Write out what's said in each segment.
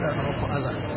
أذى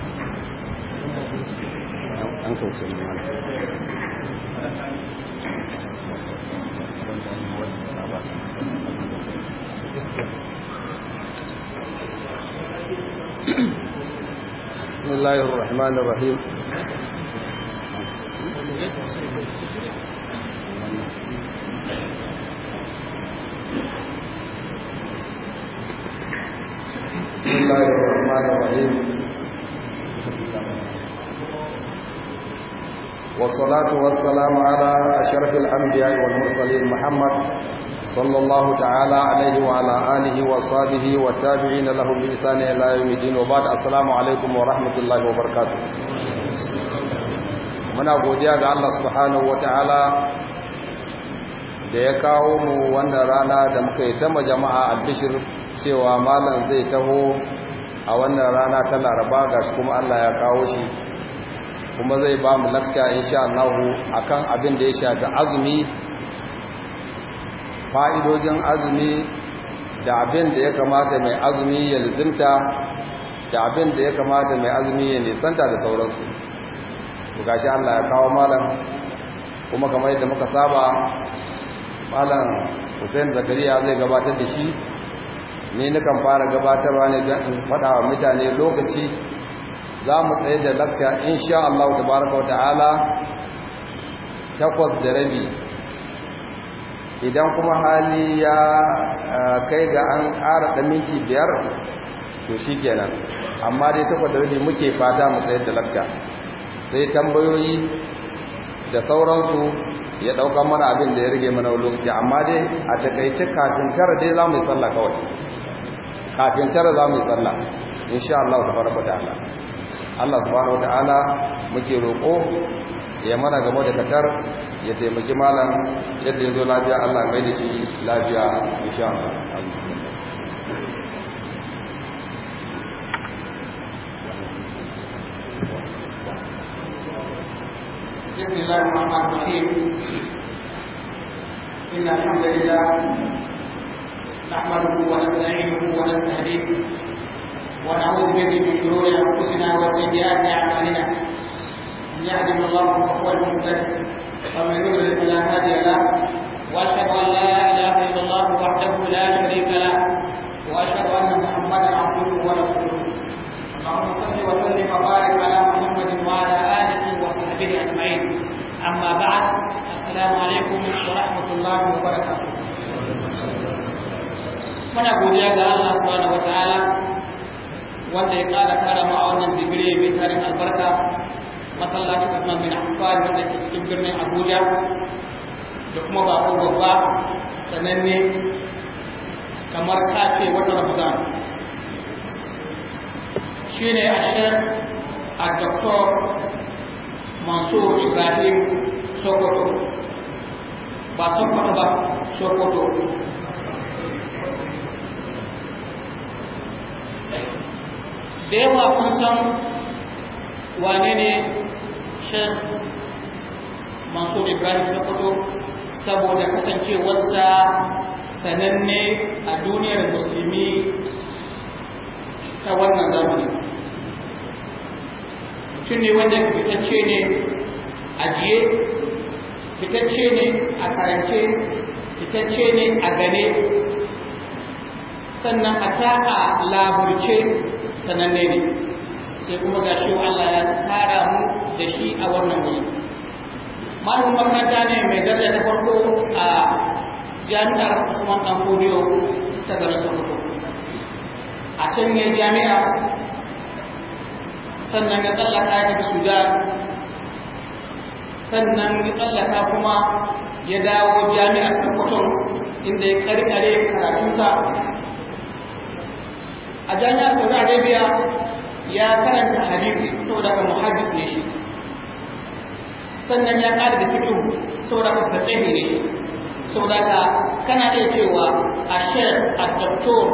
أنت وسلم بسم الله الرحمن الرحيم بسم الله الرحمن الرحيم والصلاة والسلام على أشرف الأنبياء والمرسلين محمد صلى الله تعالى عليه وعلى آله وصحبه والتابعين لهم بإحسان إلى يوم الدين وبعد السلام عليكم ورحمة الله وبركاته muna godiya ga Allah subhanahu ta'ala da ya kawo mu wannan rana da muka yi tama jama'a albishir cewa malam zai taho a wannan rana ta laraba gashi kuma Allah ya kawo shi kuma zai ba mu lakta insha Allah akan abin da ya shafi azumi fa'idojin azumi da abin da ya kamata mai azumi ya lizinta da abin da ya kamata mai azumi ya nisanta da sauransu to gashi Allah ya kawo malam kuma kamar yadda muka saba malam Hussein Zakariya zai gabatar da shi Ni nakan fara gabatarwa ne don in faɗa wa mutane lokaci za mu tsaye da lafiya, insha Allah baraka wa ta'ala takwas da rabi idan kuma hali ya eh, kai ga an ƙara da minti biyar to shi kenan amma dai takwas da rabi muke fata mu tsaye da lafiya, sai tambayoyi da sauransu ya ɗauka mana abin da ya rage mana lokaci amma dai a takaice kafin tara dai za mu yi tsalla kawai kafin tara za mu yi tsalla sha Allah ta fara faɗa Allah Allah subhanahu wataala muke roƙo ya mana game da katar ya taimaki malam yadda ya zo lafiya Allah mai da shi lafiya insha Allah بسم الله الرحمن الرحيم إن الحمد لله نحمده ونستعينه ونستهديه ونعوذ به من شرور انفسنا وسيئات اعمالنا من يهده الله فهو المهتد ومن يضلل فلا هادي له واشهد ان لا اله الا الله وحده لا شريك له واشهد ان محمدا عبده ورسوله اللهم صل وسلم وبارك على محمد وعلى اله وصحبه اجمعين اما بعد السلام عليكم ورحمه الله وبركاته muna godiya ga Allah subhanahu wataala wanda ya kara karama a wannan digiri mai tarin albarka masallacin Usman bin Affan wanda ke cikin birnin Abuja da kuma bako babba sananne kamar sace wata Ramadan ne ashir a Dr. Mansur Ibrahim Sokoto ba Sokoto ba Sokoto da yawa sun san wane ne shan mansur ibrahim sokoto saboda kasancewarsa sananne a duniyar musulmi ta wannan zamani mutum ne wanda fitacce ne ajiye fitacce ne a karance fitacce ne a gane sannan a ta'a laburce sananne ne sai kuma ga shi Allah ya tsara mu da shi a wannan wuri malamin makaranta ne mai daraja na farko a jami'ar Usman Dan ta garin Sokoto a can ne jami'a sannan ya tsallaka ya tafi Sudan sannan ya tsallaka kuma ya dawo jami'ar Sokoto inda ya karkare karatunsa a jami'ar saudi arabia ya karanta hadisi saboda ka muhaddis ne shi sannan ya kada da sau saboda ka fatsihi ne shi saboda ka kana iya cewa a shayar a doktor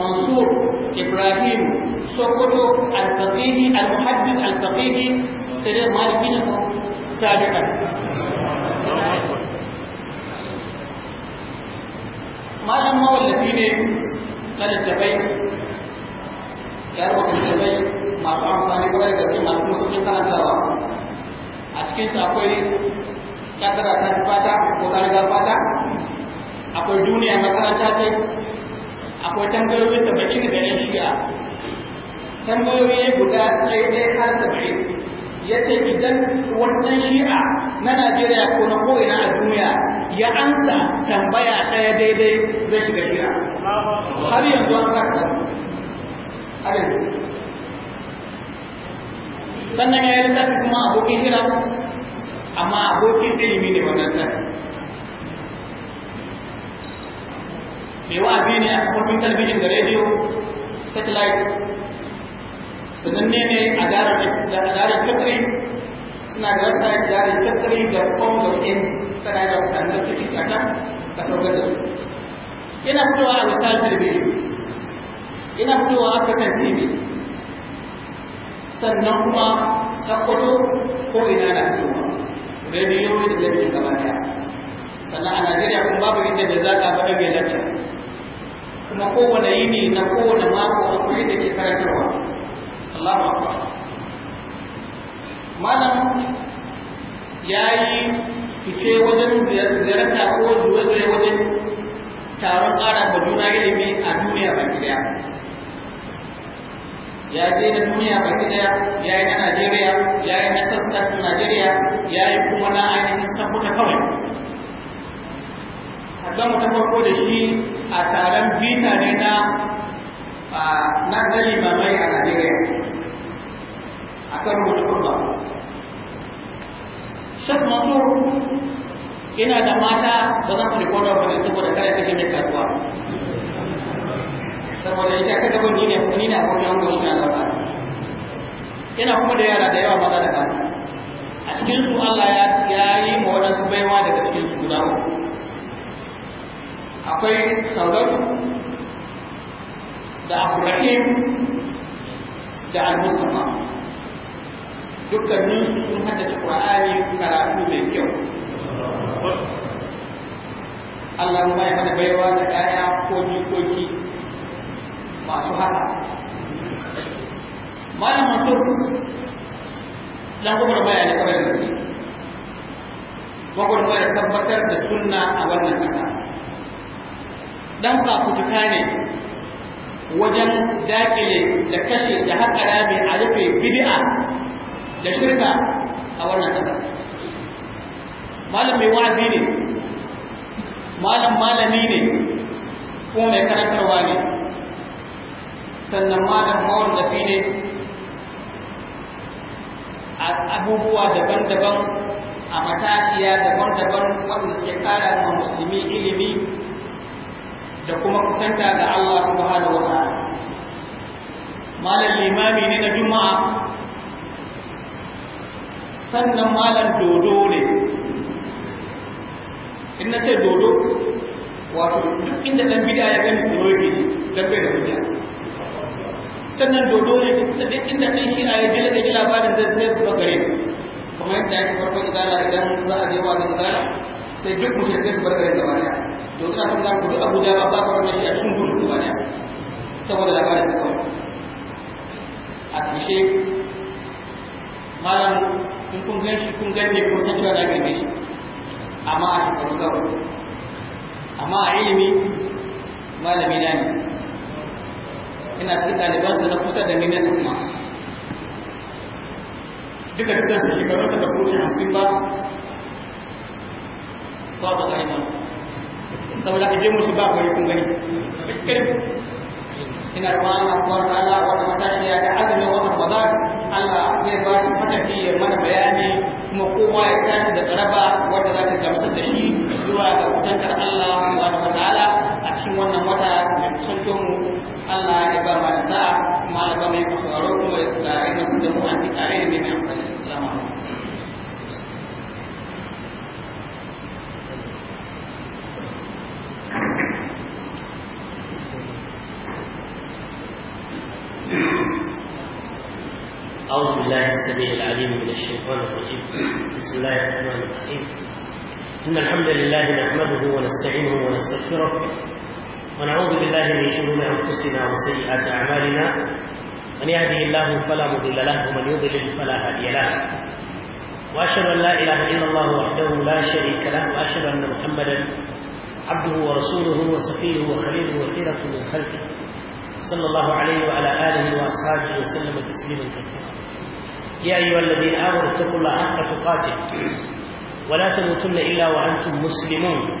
mansur ibrahim sokoto al-faqihi al-muhaddis al-faqihi sai dai maliki ne ko malam mawallafi ne kada littafai yar ba musulmai masu amfani kwarai da su masu musulmin karantawa a cikin su akwai kadara ta fata ko karigar fata akwai duniya makaranta ce akwai tambayoyi saba'in da yan shi'a tambayoyi guda ɗaya ɗaya har saba'in ya ce idan wannan shi'a na najeriya ko na ko'ina a duniya ya ansa tambaya ɗaya daidai zai shiga shi'a har yanzu an kasa sannan ya yi littafi kuma abokin hira amma abokin ilimi ne wannan littafi mai wa'azi ne a kafofin talabijin da rediyo satellite sannan ne a garin kakari suna da website garin kakari da kwamfa of ends sana da wasannin da suke a can a saukar da su yana fitowa a wasu talabijin ina fitowa african tv sannan kuma sakwato ko ina na fitowa rediyo da lafiya gaba daya sannan a najeriya kuma babu inda za zaka faɗa mai lacca kuma kowane yini na kowane mako akwai da ke karantarwa Allahu akbar malam ya yi fice wajen ziyarta ko zuwa wajen taron ƙara juna ilimi a duniya ba daya ya je da duniya baki daya ya yi na najeriya ya yi na sassan najeriya ya yi kuma na ainihin sabuta kawai hakan ta farko da shi a taron bisa ne na na gani mamai a najeriya a kan rubuta kurba shaf masu ina da mata ba zan fi kodon ba ne da kare kashe mai kasuwa saboda ita ka gaban ni ne ko ni na abokin ango insha Allah yana kuma da yara da yawa maza da mata a cikin su Allah ya yi ma waɗansu baiwa daga cikin su guda akwai saudatu da abdurrahim da al-mustafa dukkanin su sun haddace qur'ani karatu mai kyau Allah ya mana baiwa da ƴaƴa ko jikoki masu hana. malam masu lagumar baya da kamar da gwagwar baya tabbatar da sunna a wannan ƙasa dan fafutuka ne wajen daƙile da kashe da haƙa rami a rufe bid'a da shirka a wannan ƙasa malam mai wa'azi ne malam malami ne kuma mai karantarwa ne sannan malam mawallafi ne a abubuwa daban-daban a matashiya daban-daban wanda suke kara ma musulmi ilimi da kuma kusanta ga Allah subhanahu wa ta'ala malam limami ne na juma'a sannan malam dodo ne in na ce dodo wato duk inda dan bida ya gani dodo yake shi dan bai da hujja sannan dodo ne duk da duk inda ɗan shi a ya jira da gila ba da zai sai su bagare kuma yadda ya farko idala idan za a je wa da idala sai duk mushrikai su barkare da daya to ina san za ku bi abuja ba ba ka wannan shi a cikin gudu gaba daya saboda labarin su kawai a ƙarshe malam in kun gan shi kun gan ne kun san cewa na girme shi amma a shekaru gaba amma a ilimi malami na ne ina cikin ɗalibansa na kusa da ni su kuma duka dukansa shekarunsa ba su wuce hamsin ba ba ba ƙarfi saboda ka mu shi ba kwari kun gani ina ba Allah kuma ta'ala wanda mata ya da azumin wa bazar Allah zai ba shi matafi ya mana bayani kuma kowa ya tashi da karaba wanda za ta gamsar da shi zuwa ga kusantar Allah subhanahu wa ta'ala a cikin wannan wata mai kusantar mu Allah ya ba ساعة sa'a kuma Allah ba mu yi sauraro kuma ya tsare mu da mu أعوذ بالله السميع العليم من الشيطان الرجيم بسم الله الرحمن الرحيم إن الحمد لله نحمده ونستعينه ونستغفره ونعوذ بالله من شرور أنفسنا وسيئات أعمالنا من يهده الله فلا مضل له ومن يضلل فلا هادي له وأشهد أن لا إله إلا الله وحده لا شريك له وأشهد أن محمدا عبده ورسوله وصفيه وخليله وخيرة من خلقه صلى الله عليه وعلى آله وأصحابه وسلم تسليما كثيرا يا أيها الذين آمنوا اتقوا الله حق تقاته ولا تموتن إلا وأنتم مسلمون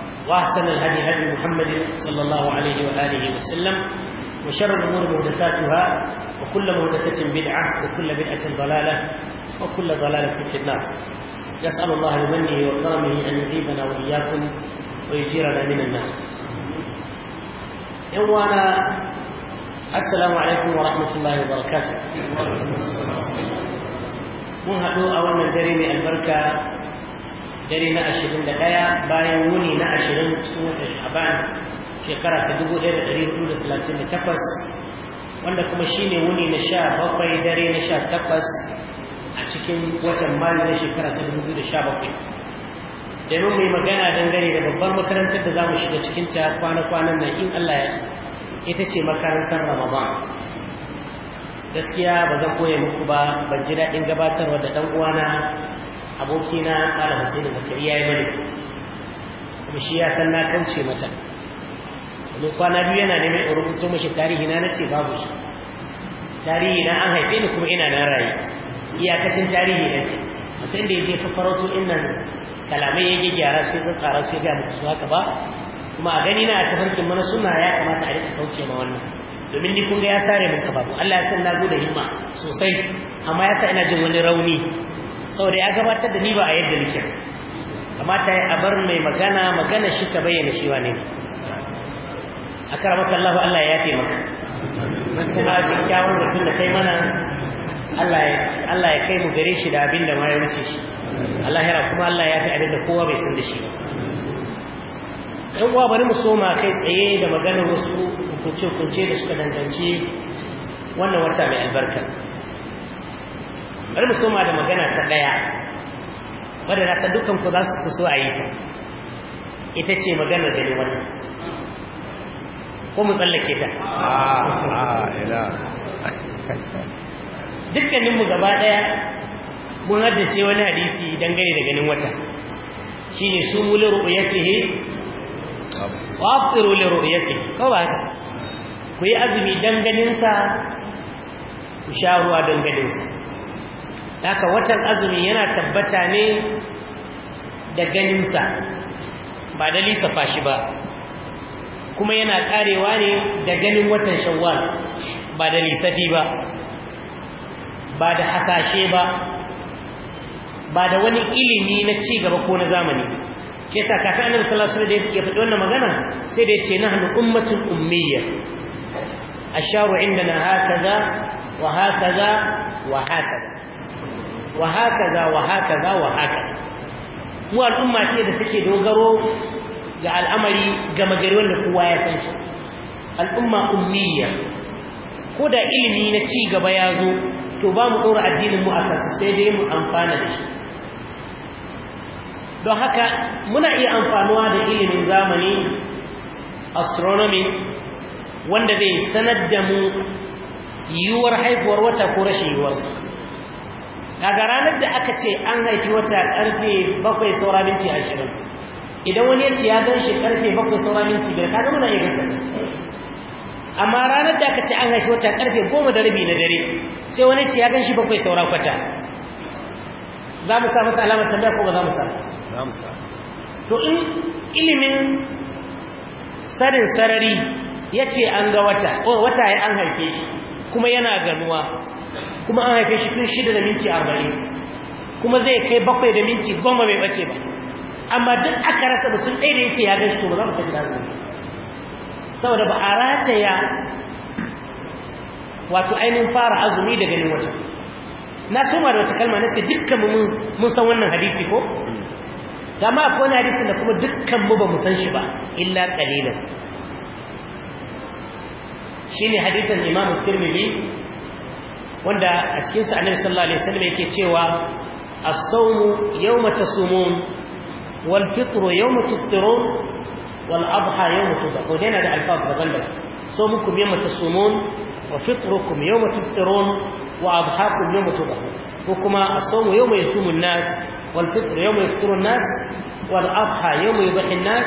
وأحسن الهدي هدي محمد صلى الله عليه وآله وسلم وشر الأمور محدثاتها وكل محدثة بدعة وكل بدعة ضلالة وكل ضلالة في النار نسأل الله بمنه وكرمه أن يجيبنا وإياكم ويجيرنا من النار إخوانا السلام عليكم ورحمة الله وبركاته مو haɗu اول من dare dare na ashirin da ɗaya bayan wuni na ashirin cikin watan shaban shekara ta dubu ɗaya da ɗari hudu da talatin da takwas wanda kuma shi ne wuni na sha bakwai dare na sha takwas a cikin watan mayu na shekara ta dubu biyu da sha bakwai domin mai magana dangane da babbar makarantar da za mu shiga cikinta kwana-kwanan nan in allah ya ita ce makarantar ramadan gaskiya ba zan koya muku ba ban ji daɗin gabatarwa da ɗan uwana abokina mala da zakariya ya yi mani kuma shi ya san na kauce mata Wani kwana biyu yana neman in rubuto mashi tarihi na nace babu shi tarihi na an haife ni kuma ina na rayu iyakacin tarihi na ne musan da ya je farauto innan kalamai ya gyara sai ya tsara su ya ga su haka ba kuma a gani na a tafarkin mana suna ya kamata a rika kauce ma wannan domin ni kun ga ya sare min kafafu Allah ya san na zo da himma sosai amma ya sa ina jin wani rauni saboda ya gabatar da ni ba a yadda nake kamata yi abar mai magana magana shi ta bayyana shi wane ne a karamaka Allah Allah ya yafe maka kuma kyakkyawan mutum da kai mana Allah ya kai mu gare shi da abin da ma ya wuce shi Allah ya kuma Allah ya fi abin da kowa bai san da shi uwa bari mu soma kai tsaye da maganar wasu hukunce-hukunce da suka danganci wannan wata mai albarka bari mu soma da magana ta ɗaya wadda na san dukkan ku za su kuso a yi ta ita ce magana da ne wata ko mu tsallake ta dukkaninmu gaba ɗaya mun haddace wani hadisi dangane da ganin wata shine sumu li ru'yatihi wa aftiru li ru'yatihi ko ba haka ku yi azumi dangane sa ku sha ruwa dangane sa haka watan azumi yana tabbata ne da ganinsa ba da lissafa shi ba kuma yana karewa ne da ganin watan shawwal ba da lissafi ba ba da hasashe ba ba da wani ilimi na ci gaba ko na zamani sa kafin annabi sallallahu alaihi wasallam ya fadi wannan magana sai da yace nahnu ummatun ummiyya ash indana hakaza wa hakaza wa hakaza wa za wa za wa mu al'umma ce da take dogaro ga al'amari ga magari wanda kowa ya san shi al'umma ummiya ko da ilimi na ci gaba ya zo to ba mu ɗora addinin mu a kasu sai dai mu amfana da shi don haka muna iya amfanuwa da ilimin zamani astronomi wanda bai sanar da mu yiwuwar haifuwar wata ko rashin yiwuwarsa kaga ranar da aka ce an haifi wata karfe bakwai saura minti ashirin idan wani ya ce ya gan shi karfe bakwai saura minti biyar kaga muna iya gasa amma ranar da aka ce an haifi wata karfe goma da rabi na dare sai wani ce ya gan shi bakwai saura kwata za mu sa masa alamar tambaya ko ba za mu sa za mu to in ilimin sanin sarari ya ce an ga wata wata ya an haife shi kuma yana ganuwa kuma an haife shi tun shida da minti arba'in kuma zai kai bakwai da minti goma bai bace ba amma duk aka rasa mutum ɗaya da yake ya gashi to ba za mu tafi da saboda ba a rataya wato ainihin fara azumi da ganin wata na soma da wata kalma na ce dukkanmu mun san wannan hadisi ko hmm. dama akwai wani hadisi da kuma dukkanmu ba mu san shi ba illa ƙalilan shine hadisin Imam Tirmidhi wanda a cikin sa Annabi sallallahu alaihi wasallam yake cewa as-sawmu yawma tasumun wal fitru yawma tufṭirun wal adha yawma tudhakun yana da alfaz da ganda sawmukum yawma tasumun wa fitrukum yawma tufṭirun wa adhaakum yawma tudhakun ko kuma as-sawmu yawma yasumun nas wal fitru yawma yufṭirun nas wal adha yawma yudhi nas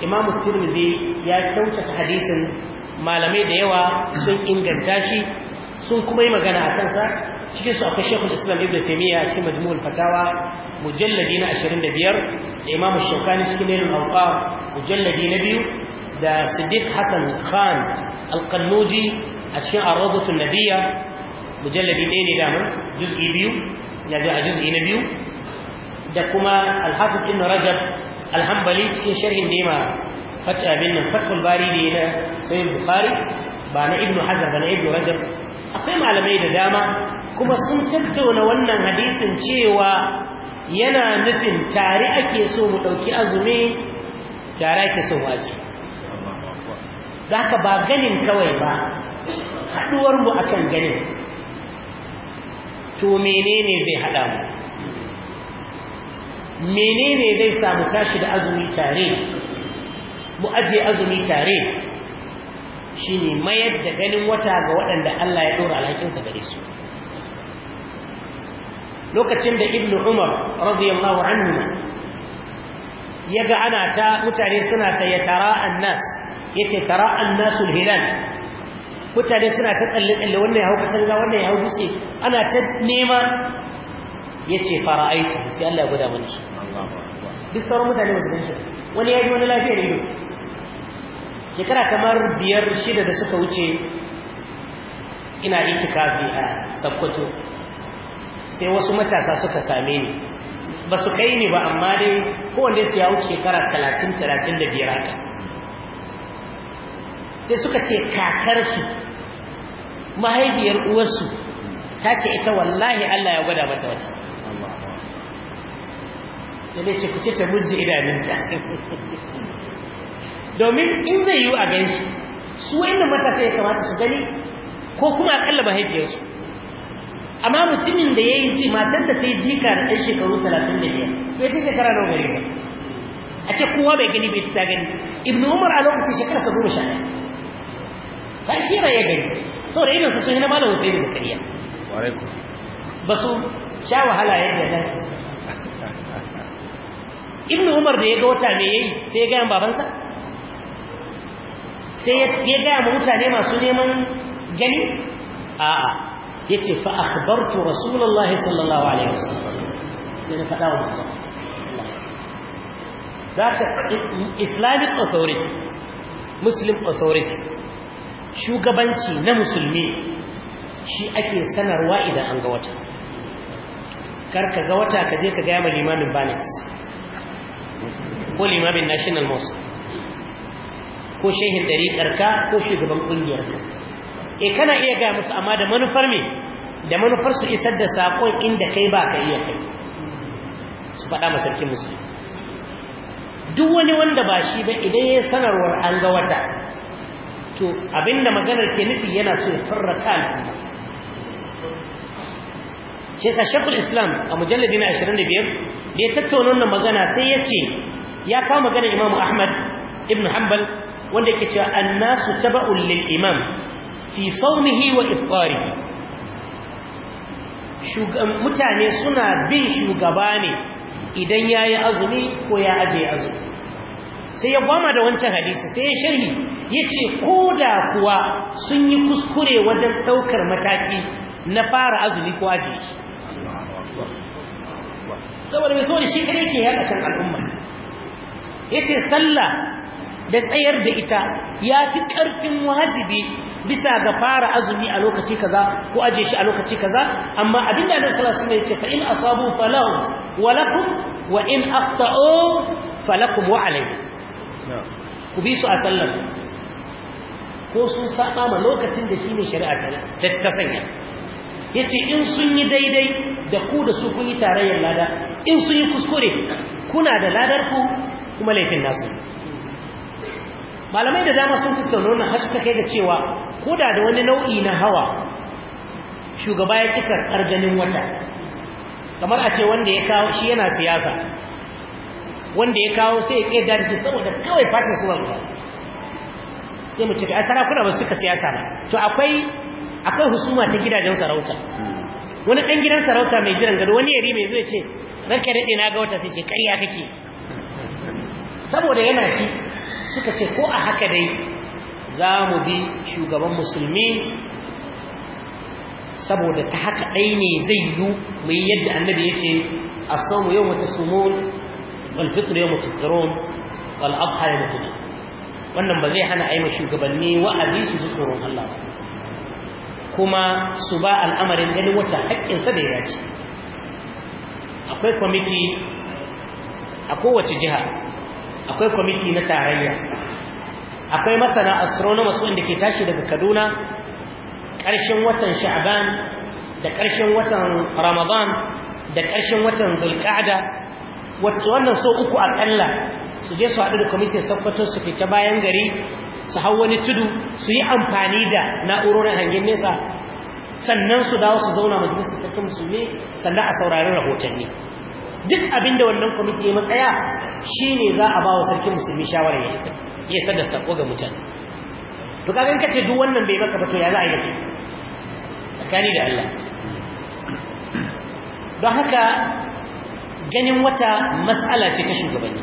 Imam Tirmidhi ya kyautata hadisin malamai da yawa sun inganta shi sun kuma yi magana a kansa cikin su akwai shekul islam ibn taimiyya a cikin majmu'ul fatawa mujalladi na 25 da imamu shaukani cikin nailul awqaf mujalladi na biyu da siddiq hassan khan alqannuji a cikin arabutun nabiya mujallabi ɗaya ne damar juz'i biyu ya ji a juz'i na biyu da kuma Alhafi ibn rajab alhambali cikin sharhin nema fat abin nan fatul bari ne na sai bukhari ba na ibnu hazm ba na ibnu rajab akwai malamai da dama kuma sun tattauna wannan hadisin cewa yana nufin tare ake so mu ɗauki azumi tare ake so waje zaka ba ganin kawai ba haduwar mu akan ganin to menene zai hada mu menene zai samu tashi da azumi tare mu aje azumi tare shine mayar da ganin wata ga waɗanda Allah ya ɗora alhakinsa gare su lokacin da ibnu umar radiyallahu anhu ya ga ana ta mutane suna ta ya tara annas ya ce tara annasul hilal mutane suna ta tsalle-tsalle wannan ya hau katanga wannan ya hau dutse ana ta nema ya ce fara aiki sai Allah ya guda mana shi duk sauran mutane ba su gan shi wani ya ji wani lafiya da ido shekara kamar biyar shida da suka wuce ina kafi a sakkwato sai wasu matasa suka same ni ba su kai ni ba amma dai kowanne su ya wuce shekara talatin talatin da biyar haka sai suka ce kakarsu mahaifiyar uwarsu ta ce ita wallahi Allah ya gwada mata wata sai dai ce ku ce ta mujji idanunta domin in zai yiwu a gan shi su wa'annan matasa ya kamata su gani ko kuma akalla mahaifiyarsu amma mutumin da ya yi ji matar da ta yi jika da ɗan shekaru talatin da biyar ya ta shekara nawa gari ba a ce kowa bai gani bai ta gani Ibn umar a lokacin shekara sabu goma sha ɗaya ba shi ba ya gani Sau da irinsa sun yi na malam da zakariya ba su sha wahala yadda ya dace Ibn umar da ya ga wata me yayi sai ya gayan babansa sai ya gaya ma mutane masu neman gani a'a yace fa akhbartu rasulullahi sallallahu alaihi wasallam sai na faɗa wa islamic authority muslim authority shugabanci na musulmi shi ake sanarwa idan an ga wata kar ka ga wata ka je ka gaya ma limamin banex ko limamin national mosque ko shehin ɗariƙarka ko shugaban ƙungiyarka e kana iya ga musu amma da manufar me da manufar su isar da sakon inda kai ba ka iya kai su faɗa ma sarki musu duk wani wanda ba shi ba idan ya sanarwar an ga wata to abinda maganar ke nufi yana so ya farraka al'umma sa shakul islam a mujallabi na 25 da ya tattauna magana sai ya ce ya kawo magana imamu ahmad ibn hanbal wanda ke cewa annasu taba'un lil imam fi sawmihi wa shugaban mutane suna bin shugaba ne idan yayi azumi ko ya aje azumi sai ya gwama da wancan hadisi sai ya sharhi yace koda kuwa sun yi kuskure wajen daukar mataki na fara azumi ko aje shi saboda mai da shi kare ke yaɗa kan al'umma yace sallah da tsayar da ita ya fi ƙarfin wajibi bisa ga fara azumi a lokaci kaza ko aje shi a lokaci kaza amma da annabi sallallahu alaihi wasallam ya ce fa in asabu falahu wa lakum wa in asta'u falakum wa alayhi ku bi su a sallar ko sun saba ma lokacin da shine shari'a ta sanya yace in sun yi daidai da ku da su kun yi tarayyar lada in sun yi kuskure kuna da ladar ku kuma laifin nasu malamai da dama sun tattauna wannan har suka kai da cewa ko da da wani nau'i na hawa shugaba ya ƙi karɓar ganin wata kamar a ce wanda ya kawo shi yana siyasa wanda ya kawo sai ya ƙeda da saboda kawai fatan su wanda sai mu cika a sarakuna ba su cika siyasa ba to akwai akwai husuma ta gidajen sarauta wani ɗan gidan sarauta mai jiran gado wani yari mai zai ce ranka daɗe na ga wata sai ce ƙarya kake saboda yana fi suka ce ko a haka dai za mu bi shugaban musulmi saboda ta haka ɗai ne zai yi mu yi yadda annabi ya ce a samu yau mata sumun walfitur yau mata tsaron wal'abha ya mutu wannan ba zai hana aima shugabanni wa'azi su ji tsoron Allah kuma su ba al'amarin ganin wata haƙƙinsa da ya ce akwai kwamiti a kowace jiha akwai kwamiti na tarayya akwai masana astronomers wanda ke tashi daga kaduna ƙarshen watan sha'ban da ƙarshen watan ramadan da ƙarshen watan zulƙada wannan so uku aƙalla su je su haɗu da kwamitin sakwato su fita bayan gari su hau wani tudu su yi amfani da na'urorin hangen nesa sannan su dawo su zauna majalisar tattun musulmi sannan a saurarin rahotanni duk abin da wannan kwamiti ya matsaya ne za a ba wa sarkin musulmi shawara ya isa ya isa da sako ga mutane to kaga kace duk wannan bai maka ba ya za a yi tsakani da Allah don haka ganin wata mas'ala ce ta shugabanni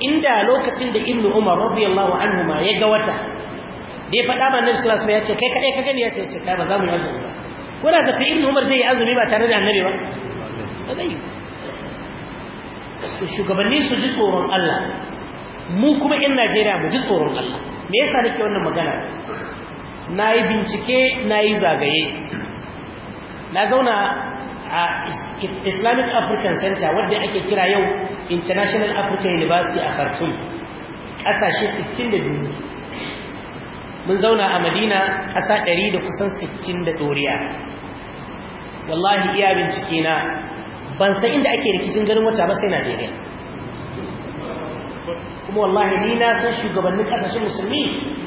inda lokacin da ibnu umar radiyallahu anhu ma ya ga wata da ya faɗa ma annabi sallallahu alaihi ya ce kai kadai ka gani ya ce kai ba za mu yi azumi ba kuna zata irin umar zai yi azumi ba tare da annabi ba shugabanni su ji tsoron Allah mu kuma 'yan Najeriya mu ji tsoron Allah me yasa nake wannan magana na yi bincike na yi zagaye na zauna a Islamic African Center wadda ake kira yau International African University a Khartoum ƙasashe duniya mun zauna a Madina ƙasa 100 da kusan 60 da doriya wallahi iya bincike na ban san inda ake rikicin ganin wata ba sai Najeriya kuma wallahi ni na san shugabannin kasashen musulmi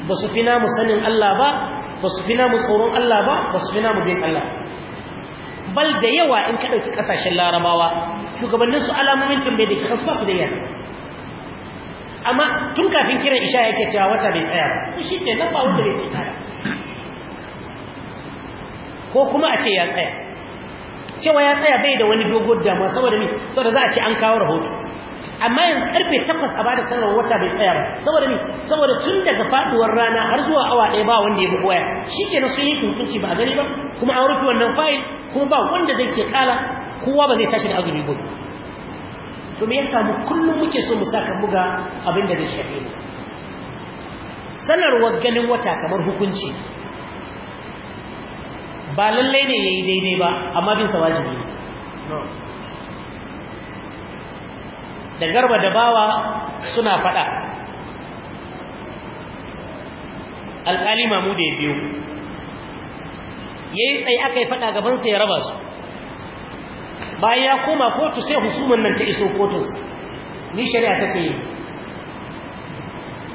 ba su fi namu sanin Allah ba ba su fi namu tsoron Allah ba ba su fi namu bin Allah bal da yawa in ka ɗauki ƙasashen larabawa shugabannin su alamomincin bai da ke kasu su da yawa. amma tun kafin kiran isha yake cewa wata bai tsaya ba shi ke nan ba wanda bai tsaya ko kuma a ce ya tsaya cewa ya tsaya bai da wani dogon damuwa saboda ni saboda za a ce an kawo rahoto amma yanzu karfe 8 a bada sanarwar wata bai tsaya ba saboda ni saboda tun daga faduwar rana har zuwa awa ɗaya ba wanda ya bi waya shikenan sun yi tuntunci ba a gani ba kuma an rufe wannan fayil kuma ba wanda zai ce kala kowa ba zai tashi da azumi ba. to me yasa mu kullum muke so mu saka buga abin da zai shafe mu sanarwar ganin wata kamar hukunci ba lallai ne yayi daidai ba amma bin sa wajibi da garba da bawa suna fada Alƙalima mamu da ya biyo yayi tsaye aka yi fada gaban sa ya raba su bayan ya koma kotu sai husuman nan ta iso kotunsa ni shari'a ta yi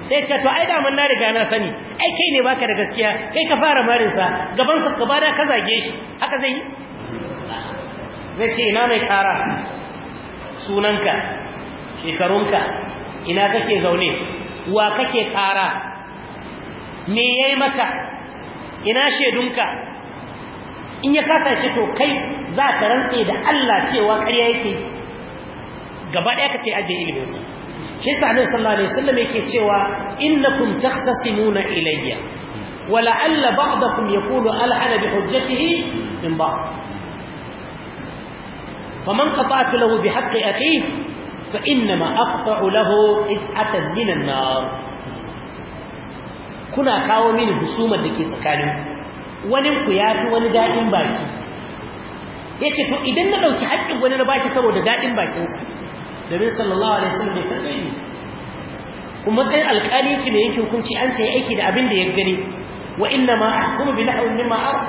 sai ce to ai mun na riga na sani ai kai ne baka da gaskiya kai ka fara marin sa gaban sa ka da ka zage shi haka zai yi zai ce ina mai kara sunanka shekarunka ina kake zaune wa kake kara me yayi maka ina shedunka in ya kasa shi to kai za ka rantse da Allah cewa ƙarya yake gaba ɗaya ka ce aje ilimin sa shi yasa annabi sallallahu alaihi wasallam yake cewa innakum takhtasimuna ilayya wa la'alla ba'dakum yaqulu alhana bi hujjatihi min ba'd فمن قطعت له بحق أخيه فإنما أقطع له إدعة من النار kuna kawo mini husumar da ke tsakanin wani ku ya fi wani daɗin baki ya ce to idan na ɗauki haƙƙin wani na bashi saboda daɗin bakinsa domin sallallahu alaihi wasallam bai san gaibi kuma dai alƙali ki ne yake hukunci an ce aiki da abin da ya gani wa inna ma ahkumu bi nahwin mimma ara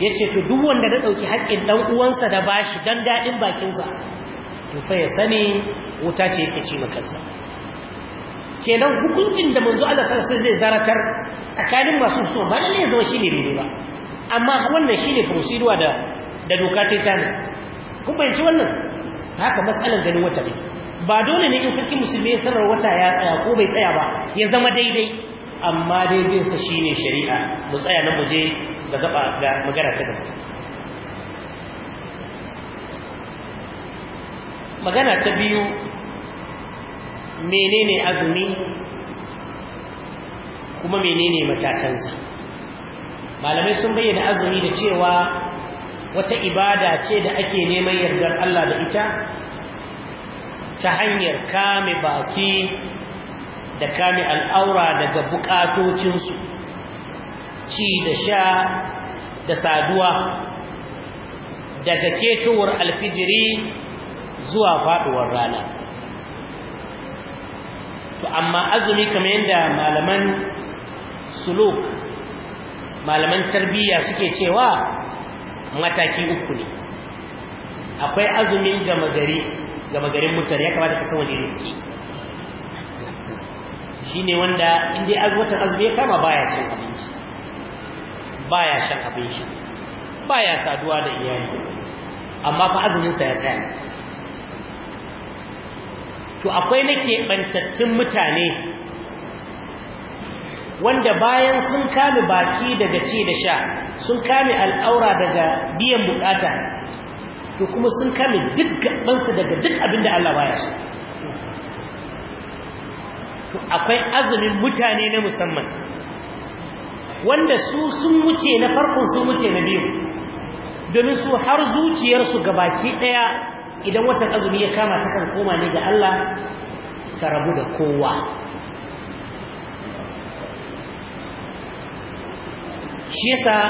yace to duk wanda da dauki haƙƙin dan uwansa da bashi dan dadin bakinsa to fa ya sani wuta ce yake ci kansa kenan hukuncin da manzo Allah sallallahu alaihi wasallam zai zaratar tsakanin masu so ba lalle zama shine ne ba amma wannan shine procedure da da doka ta tana kun bayanci wannan haka matsalar ganin wata ne ba dole ne in sarki musulmi ya sanar wata ya tsaya ko bai tsaya ba ya zama daidai amma daidai sa sa shine shari'a mu tsaya nan mu je ga gaba ga magana ta gaba magana ta biyu menene azumi kuma menene matakansa malamai sun bayyana azumi da cewa wata ibada ce da ake neman yardar Allah da ita ta hanyar kame baki da kame al'aura daga bukatocinsu ci da sha da saduwa daga ketowar alfijiri zuwa faduwar rana to amma azumi kamar yadda malaman suluk malaman tarbiyya suke cewa mataki uku ne akwai azumin gama gari gama garin mutane ya kamata ka san wani rinki ne wanda in dai azwatan azumi ya kama baya cin abinci baya shan abinci baya saduwa da iyali amma fa azumin sa ya tsaya to akwai nake bantattun mutane wanda bayan sun kame baki daga ci da sha sun kame al'aura daga biyan bukata to kuma sun kame duk gabansu daga duk abin Allah baya su to akwai azumin mutane na musamman wanda su sun wuce na farkon sun wuce na biyu domin su har zuciyarsu ga baki daya idan watan azumi ya kama ta kan koma ne ga Allah ta rabu da kowa shi yasa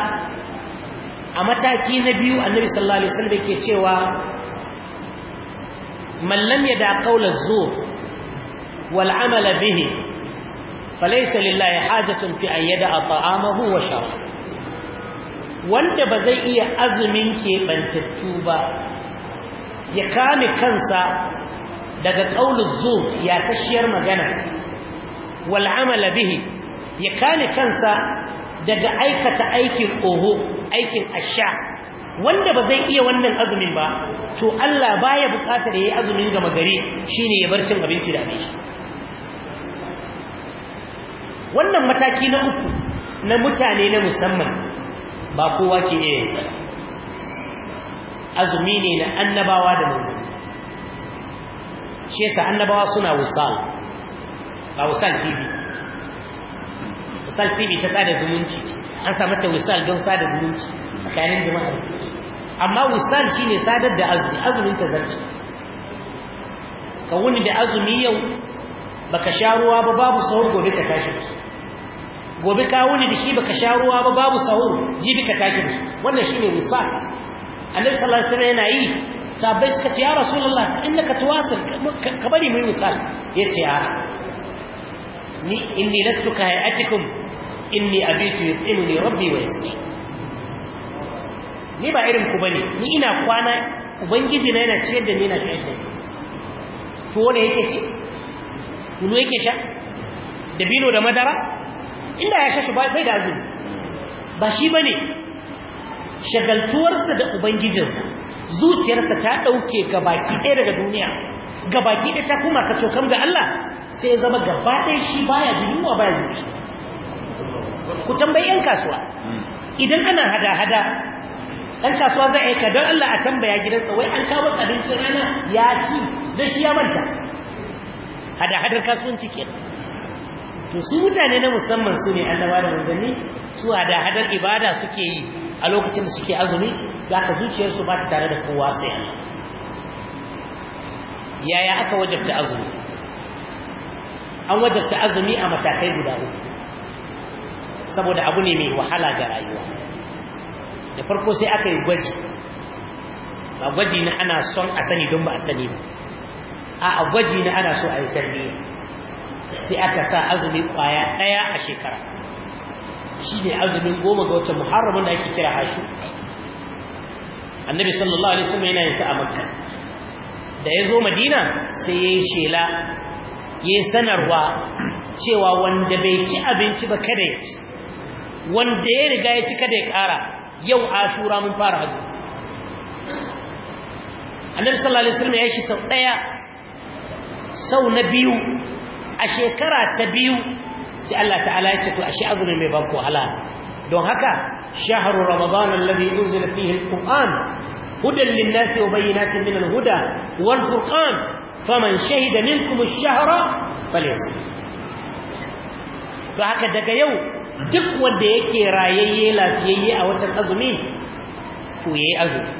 a mataki na biyu annabi sallallahu alaihi wasallam yake cewa man lam yada qawla zur wal amala bihi falaysa lillahi hajatun fi an yada ta'amahu wa sharabahu wanda ba zai iya azumin keɓantattu ba ya kame kansa daga ƙaunar zur ya sashiyar magana wal'amala bihi ya kame kansa daga aikata aikin oho aikin asha wanda ba zai iya wannan azumin ba to Allah baya bukatar yayi azumin gama gari shine ya bar cin abinci da abinci wannan mataki na uku na mutane na musamman ba kowa ke iya yin sa azumi ne na annabawa da manzanni shi yasa annabawa suna wusal ba wusal kibi wisal tv ta tsada zumunci an samu ta wisal don tsada zumunci tsakanin jama'a amma wisal ne sadar da azumi azumin ta zarci ka wuni da azumi yau baka sha ruwa ba babu sahur gobe ka tashi gobe ka wuni da shi baka sha ruwa ba babu sahur jibi ka tashi wannan shine wisal annabi sallallahu alaihi wasallam yana yi sabai suka ce ya rasulullah innaka tuwasil ka bari mu yi wisal yace a ni inni lastu ka hayatikum inni abitu yut'imuni rabbi wa yasqi ni ba irin ku bane ni ina kwana ubangiji na yana ciyar da ni na ciyar da ku. to wanda yake ci kunu yake sha da bino da madara inda ya sha bai da azumi ba shi bane shagaltuwarsa da ubangijinsa zuciyarsa ta dauke gabaki ɗaya daga duniya gabaki ɗaya ta kuma ka cokam ga Allah sai ya zama gaba ɗaya shi baya jinuwa baya jin ku tambayi yan kasuwa idan ana hada-hada ɗan kasuwa zai aika don Allah a tambaya gidansa wai an kawo abincin rana ya ci don shi ya manta hada-hadar kasuwanci ke to su mutane na musamman su ne annaba da su hada-hadar ibada suke yi a lokacin da suke azumi za ka zuciyarsu ba ta tare da kowa sai Allah yaya aka wajabta azumi an wajabta azumi a matakai guda uku saboda abu ne mai wahala ga rayuwa da farko sai aka yi gwaji ba gwaji na ana son a sani don ba a sani ba a gwaji na ana so a yi tarbiyya sai aka sa azumi kwaya ɗaya a shekara shi ne azumin goma ga wata muharramin da ake kira hashi annabi sallallahu alaihi wasallam yana yin sa a makka da ya zo madina sai ya yi shela ya yi sanarwa cewa wanda bai ci abinci ba kada ya ci wanda ya riga ya cika da ya ƙara yau ashura mun fara haji annabi sallallahu alaihi wasallam ya shi sau daya sau na biyu a shekara ta biyu sai Allah ta'ala ya ce to ashe azumi mai banko halal don haka shahru ramadan alladhi unzila fihi alquran hudan lin-nasi wa bayyinatin min al-huda wal furqan faman shahida minkum ash-shahra falyasum to haka daga yau duk wanda yake rayayye lafiyayye a watan azumi to yayi azumi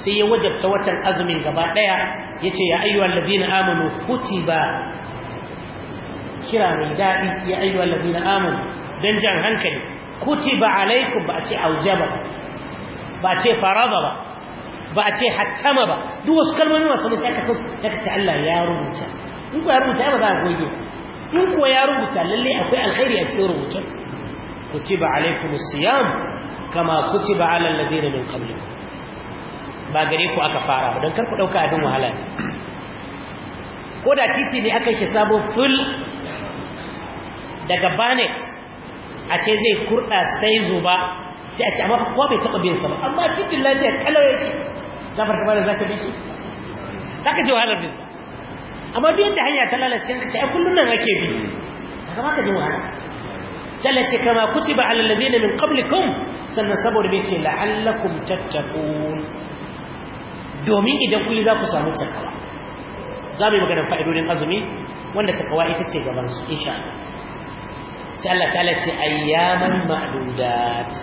sai ya wajabta watan azumin gaba daya yace ya ayyuhal ladina amanu kutiba kira mai dadi ya ayyuhal ladina amanu dan jan hankali kutiba alaikum ba a ce aujaba ba a ce farada ba ba a ce hattama ba duk wasu kalmomi masu musa ka kasu ce Allah ya rubuta in ku ya rubuta ba za a goge in kuwa ya rubuta lalle akwai alkhairi a cikin rubutun kutiba alaikumus siyam kama kutiba ala ladina min qablikum ba gare ku aka fara ba don kar ku dauka abin wahala ne ko da titi ne aka shi sabo full daga banex a ce zai kurda sai zuba sai a ce amma kowa bai taba bin sa ba amma titin lafiya kalau yake zafar kamar da zaka bi shi zaka ji wahalar bin sa amma duk yadda hanya ta lalace ka ce ai kullun nan ake bi ka ba ka jin wahala sai kama kutiba alal ladina min qablikum sannan saboda me ce la'allakum tattaqun domin idan kuyi za ku samu takawa za mu yi fa'idodin azumi wanda takawa ita ce gaban su insha sai Allah ta ce ayyaman ma'dudat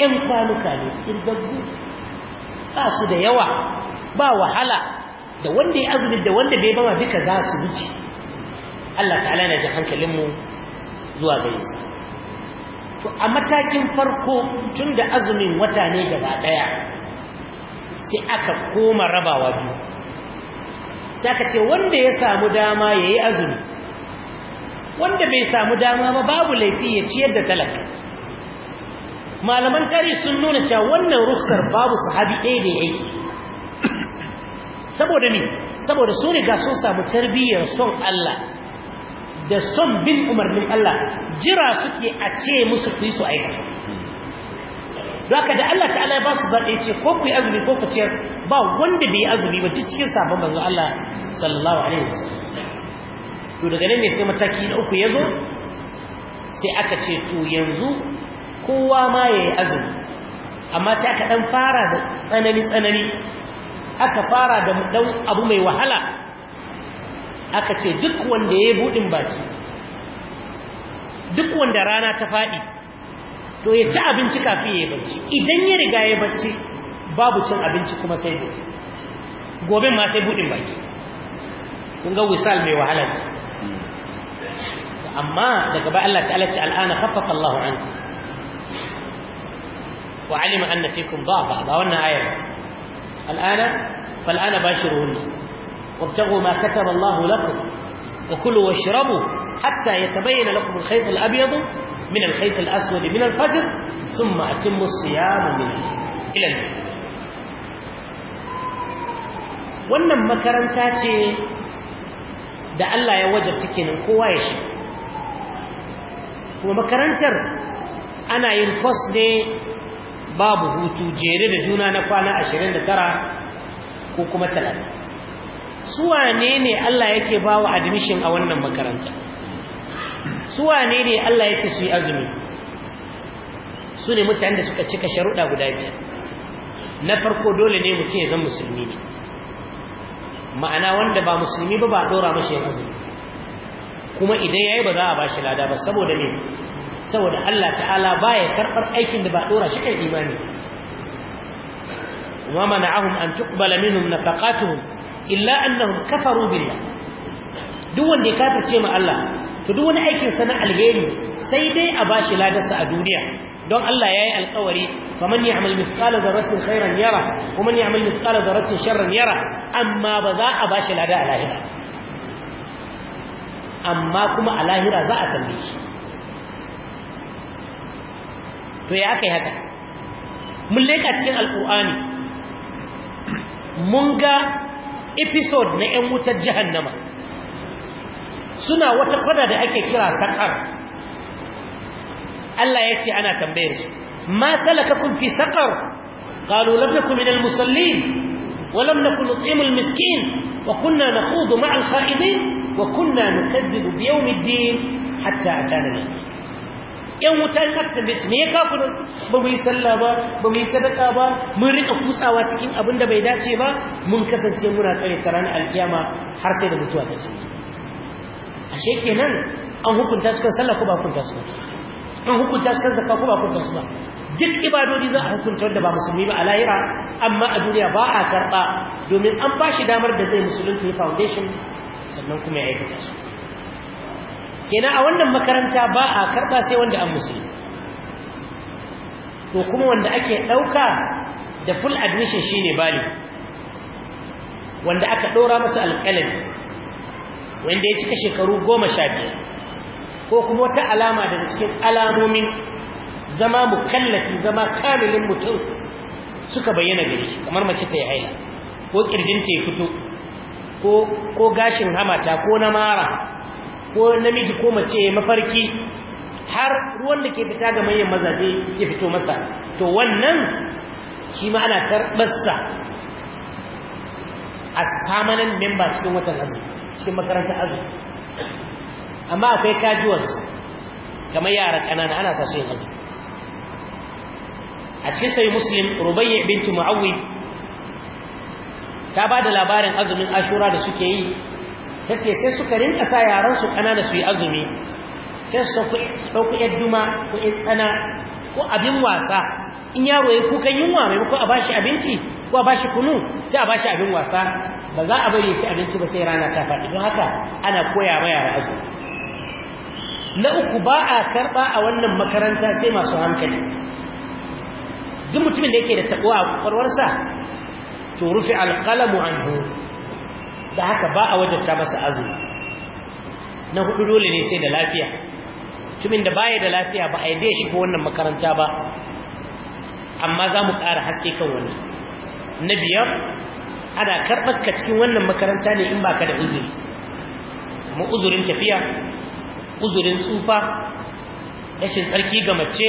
in kwanuka ne in dabbu ba su da yawa ba wahala da wanda ya azumi da wanda bai bawa duka za su wuce Allah ta'ala na ji hankalinmu zuwa gare to a matakin farko tun da azumin wata ne gaba daya sai aka koma rabawa biyu sai aka ce wanda ya samu dama ya yi azumi wanda bai samu dama ba babu laifi ya ciyar da talaka malaman tarihi sun nuna cewa wannan rukhsar babu sahabi ɗaya da ya saboda ne saboda su ne sun samu tarbiyyar son Allah da son bin umarnin Allah jira suke a ce musu ku yi su aikata don haka da Allah ta'ala ba su zaɓe ce ko ku yi azumi ko ku ciyar ba wanda bai yi azumi ba duk cikin sabon manzo Allah sallallahu alaihi wasallam to daga nan ne sai mataki na uku ya zo sai aka ce to yanzu kowa ma ya yi azumi amma sai aka ɗan fara da tsanani tsanani aka fara da dan abu mai wahala aka ce duk wanda ya budin baki duk wanda rana ta fadi to ya ci abinci kafin ya bacci idan ya riga ya bacci babu cin abinci kuma sai gobe gobe ma sai budin baki kun ga wisal mai wahala amma daga ba Allah ta'ala ce al'ana khaffafa Allahu anku wa alima anna fikum dha'fa ba wannan ayar الآن فالآن باشرهن وابتغوا ما كتب الله لكم وكلوا واشربوا حتى يتبين لكم الخيط الأبيض من الخيط الأسود من الفجر ثم أتموا الصيام من إلى الليل wannan makaranta ce da Allah ya wajabta kenan kowa ya shi kuma makarantar ana yin course ne babu hutu jere da juna na kwana 29 ko kuma 30 su wane ne Allah yake bawa admission a wannan makaranta su wane ne Allah yake su yi azumi su ne mutanen da suka cika sharuɗa guda biyar na farko dole ne mutum ya zama musulmi ne ma'ana wanda ba musulmi ba ba dora mashi yin azumi kuma idan ya yi ba za a bashi lada ba saboda ne saboda Allah ta'ala baya karɓar aikin da ba dora shi kan imani wa mana'ahum an tuqbala minhum nafaqatuhum illa annahum kafaru billah duk wanda ya kafirce ma Allah to duk wani aikin sa na alheri sai dai a bashi ladarsa a duniya don Allah yayi alƙawari faman ya'mal mithqala dharratin khairan yara wa man ya'mal mithqala dharratin sharran yara amma ba za a bashi lada a lahira amma kuma a lahira za a tambaye shi to ya kai haka mun leka cikin alqur'ani mun ga episode na 'yan wutar jahannama suna wata kwada da ake kira saqar Allah ya ce ana tambayar su ma salakakum fi saqar qalu lam قالوا لم نكن من المصلين ولم نكن نطعم المسكين وكنا نخوض مع الخائضين وكنا نكذب بيوم hatta atana al اليقين yan wuta in aka tambaye su ya kafirin ba mu yi sallah ba ba mu yi sadaka ba mun rika kutsawa cikin abin da bai dace ba mun kasance muna tsare ta ranar alkiyama har sai da mutuwa ta ce ashe kenan an hukunta su kan sallah ko ba hukunta su ba an hukunta su kan zakka ko ba hukunta su ba duk ibadodi za a hukunta wanda ba musulmi ba a lahira amma a duniya ba a karɓa domin an ba shi damar da zai musulunci foundation sannan kuma ya aikata su kenan a wannan makaranta ba a karɓa sai wanda an musu to kuma wanda ake ɗauka da full admission shine bali wanda aka ɗora masa alƙalin wanda ya cika shekaru goma sha biyar ko kuma wata alama daga cikin alamomin zama mukallafi zama kamilin mutum suka bayyana gare shi kamar mace ta yi haila ko ta yi fito ko gashin hamata ko na mara ko namiji ko mace mafarki har ruwan da ke fita ga manyan mazaje ke fito masa to wannan shi ma ana karɓarsa as permanent member cikin watan azumi cikin makarantar azumi amma akwai casuals kamar yara ƙanana ana sa su yin azumi a cikin sai muslim rubayya binti mu'awwid ta ba da labarin azumin ashura da suke yi ta ce sai suka rinka sa yaransu kanana su yi azumi sai su ɗauku ‘yar duma ko tsana ko abin wasa in yaro ya kukan yunwa maimako a bashi abinci ko a bashi kunu sai a bashi abin wasa ba za a bari yake abinci ba sai rana ta faɗi don haka ana koya ma yara azumi na uku ba a karɓa a wannan makaranta sai masu hankali duk mutumin da yake da taɓuwa a ƙwaƙwarwarsa to rufe alƙalamu anhu da haka ba a wajabta masa azumi na hudu dole ne sai da lafiya tumin da baya da lafiya ba a yi ya shigo wannan makaranta ba amma za mu ƙara haske kan wani. na biyar ana karɓar ka cikin wannan makaranta ne in baka da uzuri kuma uzurin tafiya uzurin tsufa rashin tsarki ga mace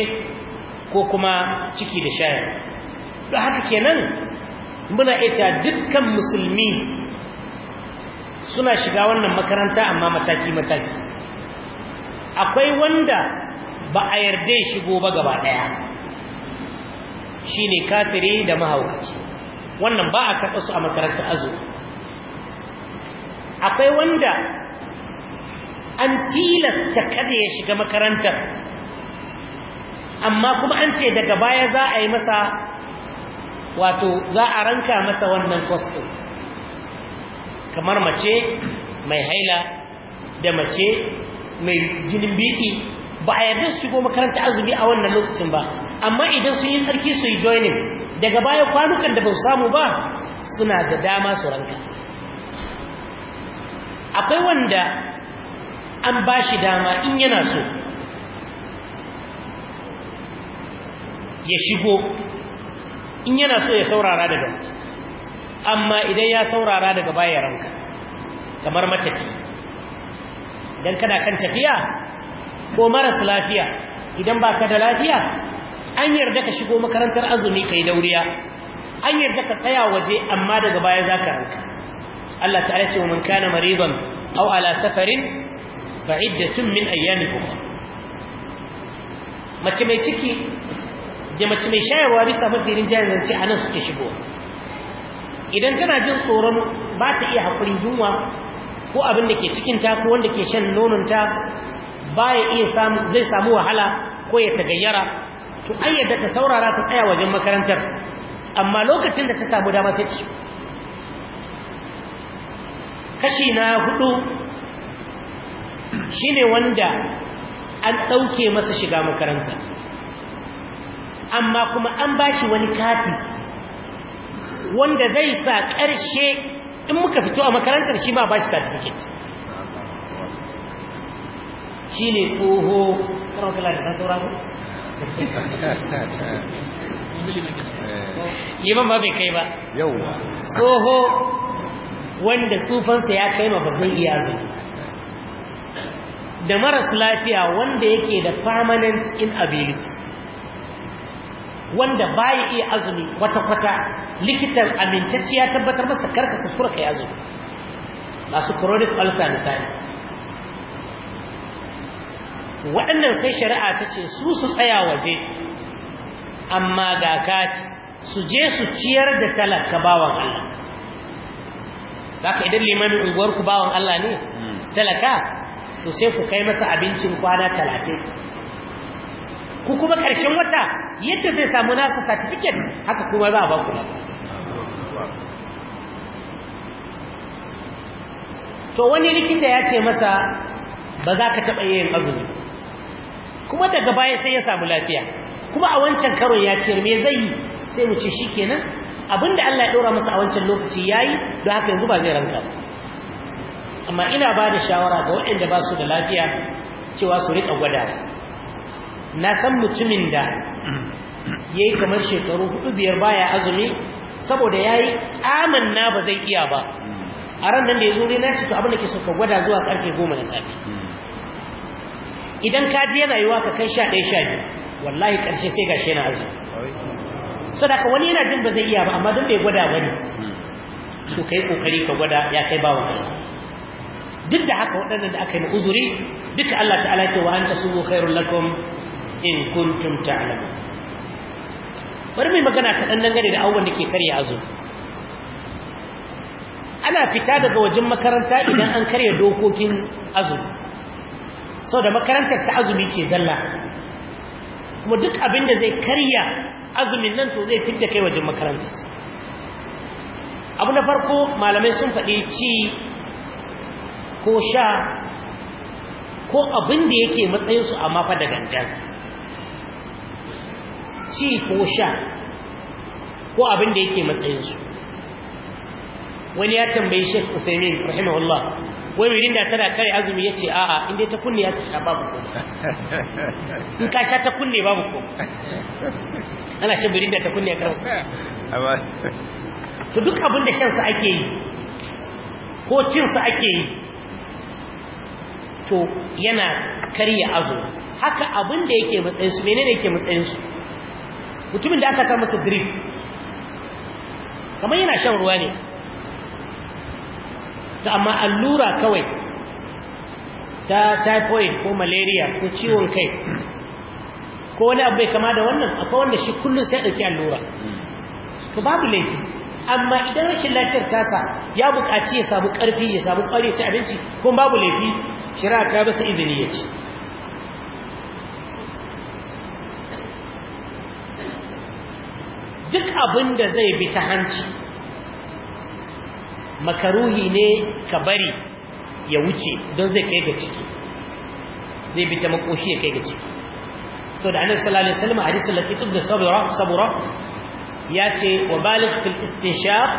ko kuma ciki da shayar don haka kenan muna iya dukkan musulmi suna shiga wannan makaranta amma mataki-mataki akwai wanda ba a yarda shigo ba gaba daya shi ne kafiri da mahaukaci wannan ba a karɓa su a makarantar azumi akwai wanda an tilasta kada ya shiga makarantar amma kuma an ce daga baya za a yi masa wato za a ranka masa wannan kwastin kamar mace mai haila da mace mai jinin biki ba a yarda su shigo makaranta azumi a wannan lokacin ba amma idan sun yi tsarki su yi joining daga baya kwanukan da ba samu ba suna da dama su ranka akwai wanda an ba shi dama in yana so ya shigo in yana so ya saurara daga mutum amma idan ya saurara daga baya ranka kamar matafi idan kana kan tafiya ko maras lafiya idan ba ka da lafiya an yarda ka shigo makarantar azumi yi dauriya an yarda ka tsaya waje amma daga baya zaka ranka Allah ta'ala ce man kana mariban aw ala safarin fa iddatun min ayyamin mace mai ciki da mace mai shayarwa bisa mafi rinjayen zance a nan suke shigo. idan tana jin tsoron ba ta iya haƙurin yunwa ko abin da ke cikinta ko wanda ke shan nononta ba ya iya samu zai samu wahala ko ya tagayyara to an yadda ta saurara ta tsaya wajen makarantar amma lokacin da ta samu dama sai ta kashi na hudu shine wanda an ɗauke masa shiga makaranta amma kuma an ba shi wani kati wanda zai sa ƙarshe in muka fito a makarantar shi ma ba shi certificate shi ne tsoho ƙarfafalar da saura mu liman ba bai kai ba tsoho wanda tsufansa ya kai ma iya iyazu da maras lafiya wanda yake da permanent inability wanda baya iya azumi kwata-kwata likitan amintacci ya tabbatar masa karka kuskura kai azumi masu chronic ulcer misali waɗannan sai shari'a ta ce su su tsaya waje amma ga kati su je su ciyar da talaka bawan Allah Za ka idan limamin unguwarku bawan Allah ne hmm. talaka to sai ku kai masa abincin kwana talatin ku kuma ƙarshen wata yadda zai samu nasa certificate haka kuma za a ba ku to wani likita ya ce masa ba za ka taɓa yin azumi kuma daga baya sai ya samu lafiya kuma a wancan karon ya ce me zai yi sai mu ce shi kenan abinda Allah ya ɗora masa a wancan lokaci ya yi don haka yanzu ba zai ranka amma ina ba da shawara ga waɗanda ba su da lafiya cewa su riƙa gwada na san mutumin da ya yi kamar shekaru hudu biyar baya azumi saboda ya yayi na ba zai iya ba a ran nan da yazo ne na ci abin da ke so ka gwada zuwa karfe goma na safe idan ka ji yana yiwa ka kai sha biyu wallahi karshe sai gashi na azumi sadaka wani yana jin ba zai iya ba amma don bai gwada bane so kai kokari ka gwada ya kai bawa Allah duk da haka waɗannan da aka yi na uzuri duka Allah ta'ala ce wa an tasubu khairul lakum in kuntum ta'lamun bari mai magana kaɗan dangane da abubuwan da ke karya azumi ana fita daga wajen makaranta idan an karya dokokin azumi sau da makarantar ta azumi ce zalla kuma duk abin da zai karya azumin nan to zai fidda kai wajen makarantar abu na farko malamai sun faɗi ci ko sha ko abin da yake matsayinsu amma fa da gangan ci ko sha ko abin da yake matsayinsu wani ya tambayi shek usaimin rahimahullah wai mai rinda tana kare azumi ya ce a'a inda ta kunne ya ta babu ko in ka sha ta kunne babu ko ana shan birin da ta kunne ya karau to duk abin da shansa ake yi ko cinsa ake yi to yana karya azumi haka abin da yake matsayinsu menene yake matsayinsu mutumin da aka sa masa drip kamar yana shan ruwa ne ta amma allura kawai ta typhoid ko malaria ko ciwon kai ko wani abu bai kama da wannan akwai wanda shi kullum sai ɗauki allura to babu laifi amma idan rashin lafiyar tasa ya buƙaci ya samu ƙarfi ya samu ƙware ci abinci ko babu laifi shira ta bisa izini ya ci duk abin da zai bi ta hanci makaruhi ne ka bari ya wuce don zai kai ga ciki zai bi ta makoshi ya kai ga ciki sau da annabi sallallahu alaihi wasallam hadisi latif da sabura sabura ce wa baligh fil istinshaq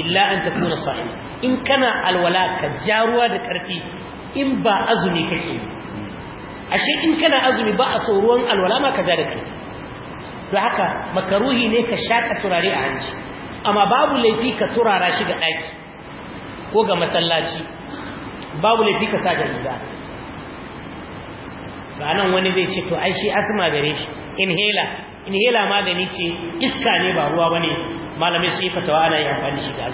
illa an takuna sahih in kana alwala ka jaruwa da karfi in ba azumi kake ashe in kana azumi ba a so ruwan alwala ma ka ja da karfi to haka makaruhi ne ka shaka turare a hanci amma babu laifi ka turara shi ga ɗaki ko ga masallaci babu laifi ka sa da riga ba nan wani zai ce to ai shi asma gare shi inhaler inhaler magani ce iska ne ba ruwa bane malamai su yi fatawa ana yi amfani shi da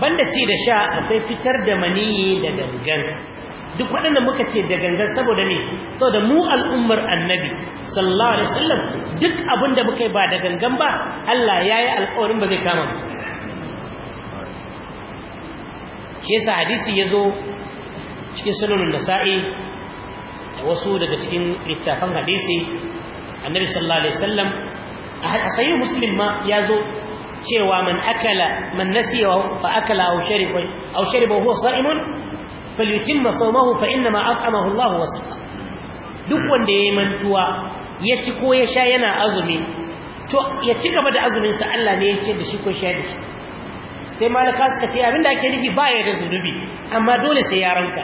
banda ci da sha akwai fitar da maniyi da gangan duk waɗannan muka ce da gangan saboda ne saboda mu al'ummar annabi sallallahu alaihi wasallam duk abin da muka yi ba da gangan ba Allah ya yi alƙawarin ba zai kama mu shi yasa hadisi ya zo cikin sunanin nasa'i da wasu daga cikin littafan hadisi annabi sallallahu alaihi wasallam a sayyid muslim ma ya zo cewa man akala man nasiya fa akala aw shariba aw shariba huwa sa'imun falitin sawmahu fa inna ma at'amahu Allah wa duk wanda yi mantuwa ya ci ko ya sha yana azumi to ya ci gaba da azumin sa Allah ne ya ce da shi ko sha da shi sai malaka suka ce abinda ake nufi ba ya da zunubi amma dole sai ya ranka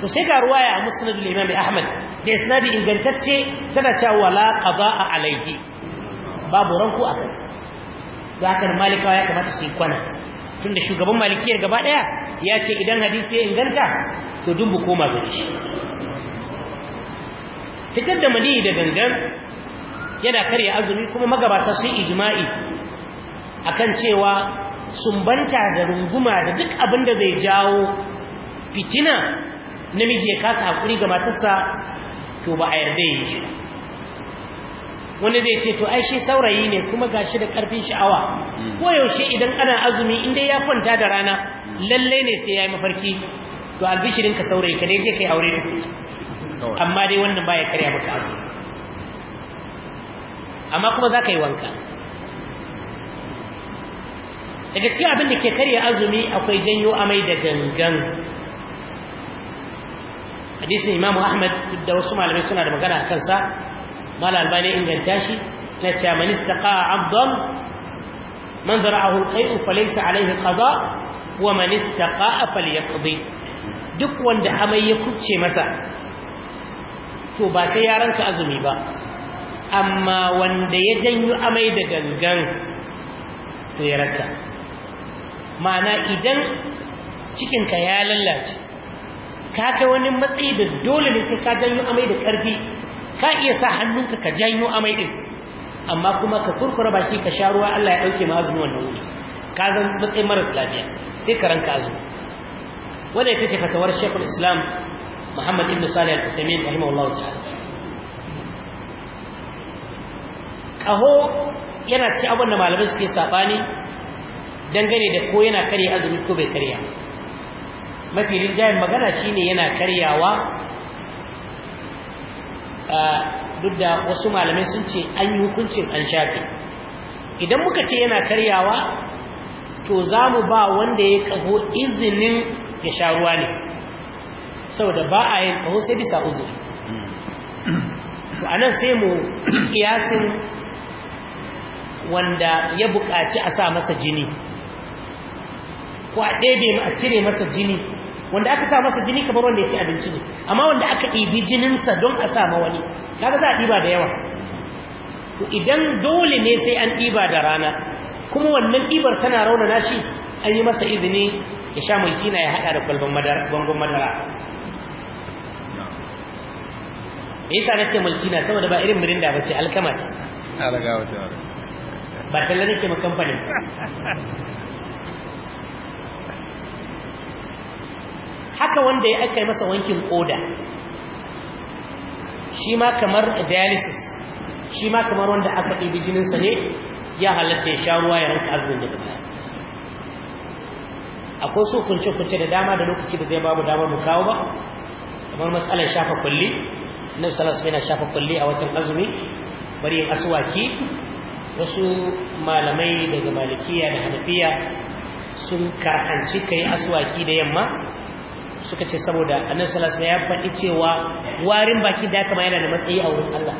to sai ga ruwaya musnadul imam ahmad da isnadi ingantacce tana cewa wala a alaiki. babu ranku a kansa da haka malikawa ya kamata su yi kwana tunda shugaban malikiyar gaba daya ya ce idan hadisi ya inganta to duk koma gare shi fitar da maniyi da gangan yana karya azumi kuma magabata sun ijma'i akan cewa sumbanta da runguma da duk abin da zai jawo fitina namiji ya kasa hakuri ga matarsa to ba a yarda yi shi wanda zai ce to ai shi saurayi ne kuma gashi da karfin sha'awa hmm. ko yaushe idan ana azumi inda ya kwanta da rana Lallai ne sai ya yi mafarki to albishirin ka saurayi ka kai aure amma dai wannan ya karya maka asu amma kuma za ka yi wanka daga cikin abin da ke karya azumi akwai janyo amai da gangan hadisin imamu ahmad da wasu malamai suna da magana a kansa mala albani inganta shi na cewa man istaqa abdan man zara'ahu al-qay'u fa alayhi qada wa man istaqa'a falyaqdi duk wanda amai ya kuce masa to ba sai yaranka azumi ba amma wanda ya janyo amai da gangan to ya raka. ma'ana idan cikinka ya lallace ka kai wani matsayi da dole ne sai ka janyo amai da karfi ka iya sa hannunka ka janyo amai din amma kuma ka kurkura baki ka sha ruwa Allah ya dauke ma wannan wuri ka zan matsayin maras lafiya sai ka ranka azumi wanda ya ce fatawar shekul islam muhammad ibn salih al-usaimin rahimahullah ta'ala kaho yana cikin abin da malamai suke sabani dangane da ko yana karya azumi ko bai karya mafi rinjayen magana shine yana karyawa duk da wasu malamai sun ce an yi hukuncin an shafe idan muka ce yana karyawa to za mu ba wanda ya kaho izinin ya sha ruwa ne saboda ba a yin kaho sai bisa uzuri a nan sai mu kiyasin wanda ya buƙaci a sa masa jini ko a ɗebe a cire masa jini wanda aka sa masa jini kamar wanda ya ci abinci ne amma wanda aka ɗibi jininsa don a sa mawani kaga za a ɗiba da yawa idan dole ne sai an ɗiba da rana kuma wannan ɗibar tana raunana shi an yi masa izini ya sha mai cina ya haɗa da kwalban bangon madara ya yi na ce mulkina saboda ba irin mirinda ba ce alkama ce ba talla nake ma kamfanin haka wanda ya aka yi masa wankin koda shi ma kamar dialysis shi ma kamar wanda aka ɗibi jininsa ne ya halatta ya sha ruwa ya rinka azumin daga baya akwai su kunce kunce da dama da lokaci da zai babu damar mu kawo ba kamar matsalar shafa kulli annabi sallallahu alaihi na shafa kulli a wajen azumi bari yin aswaki wasu malamai daga malikiya da hanafiya sun karhanci kai aswaki da yamma suka ce saboda annabi sallallahu alaihi wasallam ya faɗi cewa warin baki da yana da matsayi a wurin Allah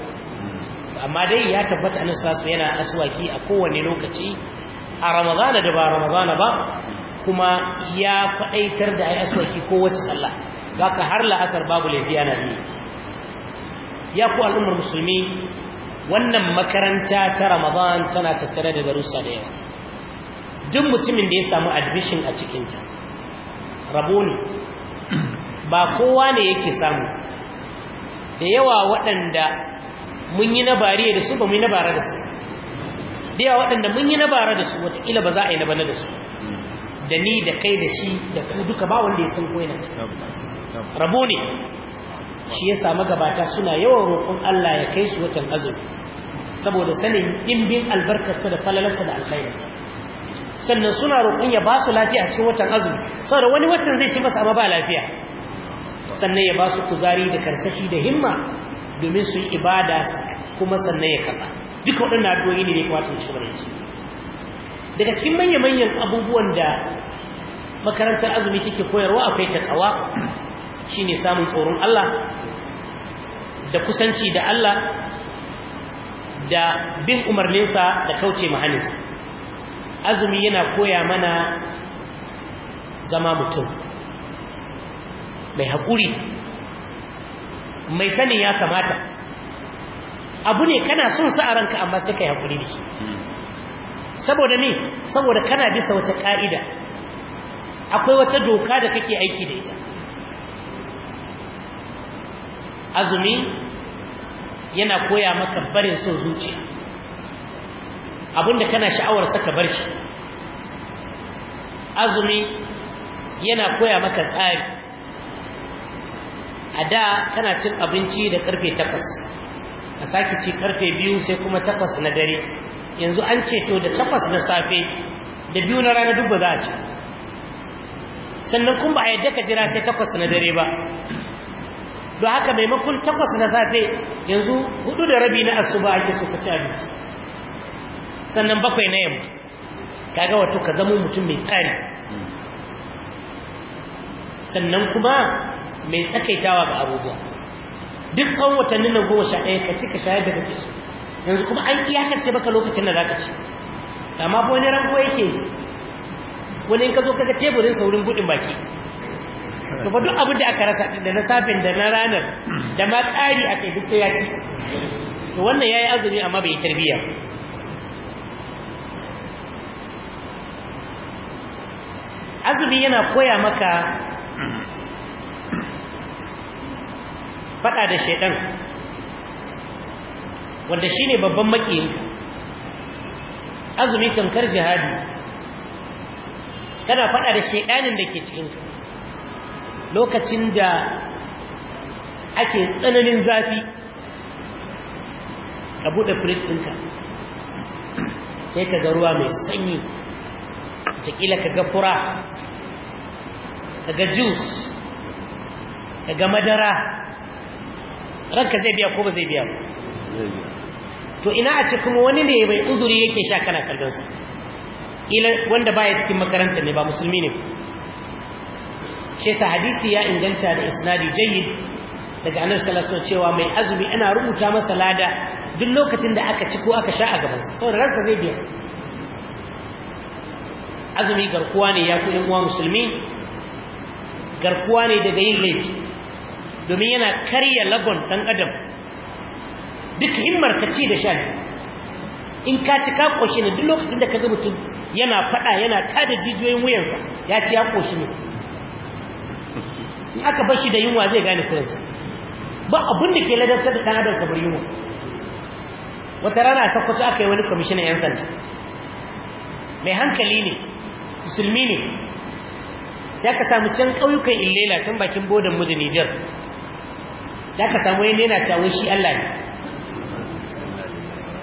amma dai ya tabbata annabi sallallahu yana aswaki a kowane lokaci a ramadana da ba ramadana ba kuma ya faɗaitar da ai aswaki kowace sallah zaka har la'asar babu laifi na yi ya ku al'ummar musulmi wannan makaranta ta ramadan tana tattare da darussa da yawa duk mutumin da ya samu admission a cikinta rabo ne ba kowa ne yake samu da yawa waɗanda mun yi na bariya da su ba mun yi na bara da su da yawa waɗanda mun yi na bara da su wataƙila ba za a yi na bana da su da ni da kai da shi da ku duka ba wanda ya san ko yana ci rabo ne shi ya samu gabata suna yawan roƙon Allah ya kai su watan azumi saboda sanin ɗimbin albarkarsa da falalarsa da alkhairarsa sannan suna roƙon ya ba su lafiya a cikin watan azumi saboda wani watan zai ci masa amma ba lafiya sannan ya ba su kuzari da karsashi da himma domin su yi ibada kuma sannan ya kafa duka waɗannan addu'o'i ne da ya kamata cikin daga cikin manya-manyan abubuwan da makarantar azumi take koyarwa akwai ta ƙawa shine samun tsoron Allah da kusanci da Allah da bin umarninsa da kauce mahaninsa azumi yana koya mana zama mutum mai haƙuri mai sanin ya kamata abu ne kana son sa a ranka amma sai ka hakuri da shi saboda ne saboda kana bisa wata ka'ida akwai wata doka da kake aiki da ita azumi yana koya maka barin son zuciya abinda kana sha'awar saka bar shi azumi yana koya maka tsari a da kana cin abinci da karfe takwas a sake ci karfe biyu sai kuma takwas na dare yanzu an ceto da takwas na safe da biyu na rana duk ba za a ci sannan kuma ba a yadda ka jira sai takwas na dare ba don haka maimakon takwas na safe yanzu hudu da rabi na asuba ake so ka ci abinci sannan bakwai na yamma kaga wato ka zama mutum mai tsari sannan kuma mai tsakaitawa ga abubuwa duk tsawon watannin na goma sha ɗaya ka ci ka shayar da kake yanzu kuma an iyakance baka lokacin da zaka ci amma ko wani ranko yake wani in ka zo kaga teburin saurin buɗin baki to fa duk abin da aka rasa da na safin da na ranar da ma tsari a kai duk sai ya ci to wannan yayi azumi amma bai tarbiyya azumi yana koya maka faɗa da shaidan wanda shi ne babban makiyinka azumi tamkar jihadi kana faɗa da shaidanin da ke cikinka lokacin da ake tsananin zafi ka buɗe firit ɗinka sai ka ga ruwa mai sanyi watakila ka ga fura ka ga juice ka ga madara ranka zai biya ko ba zai biya to ina a cikin wani ne mai uzuri yake sha kana kallon su? ila wanda baya cikin makaranta ne ba musulmi ne shi sa hadisi ya inganta da isnadi jayyid daga annabi sallallahu alaihi cewa mai azumi ana rubuta masa lada duk lokacin da aka ci ko aka sha a gaban sa saboda ransa zai biya azumi garkuwa ne ya ku ɗan uwa musulmi garkuwa ne daga yin laifi domin yana karya lagon ɗan adam duk himmar ka ci da sha in ka ci ka ƙoshi ne duk lokacin da ka ga mutum yana faɗa yana tada jijiyoyin wuyansa ya ci ya ƙoshi ne in aka bashi da yunwa zai gane kuransa ba abin da ke ladabtar da ɗan adam kamar yunwa wata rana a aka yi wani kwamishinan 'yan sanda mai hankali ne musulmi ne sai aka samu can ƙauyukan illela can bakin bodan mu da nijar da ka samu yadda yana cewa shi Allah ne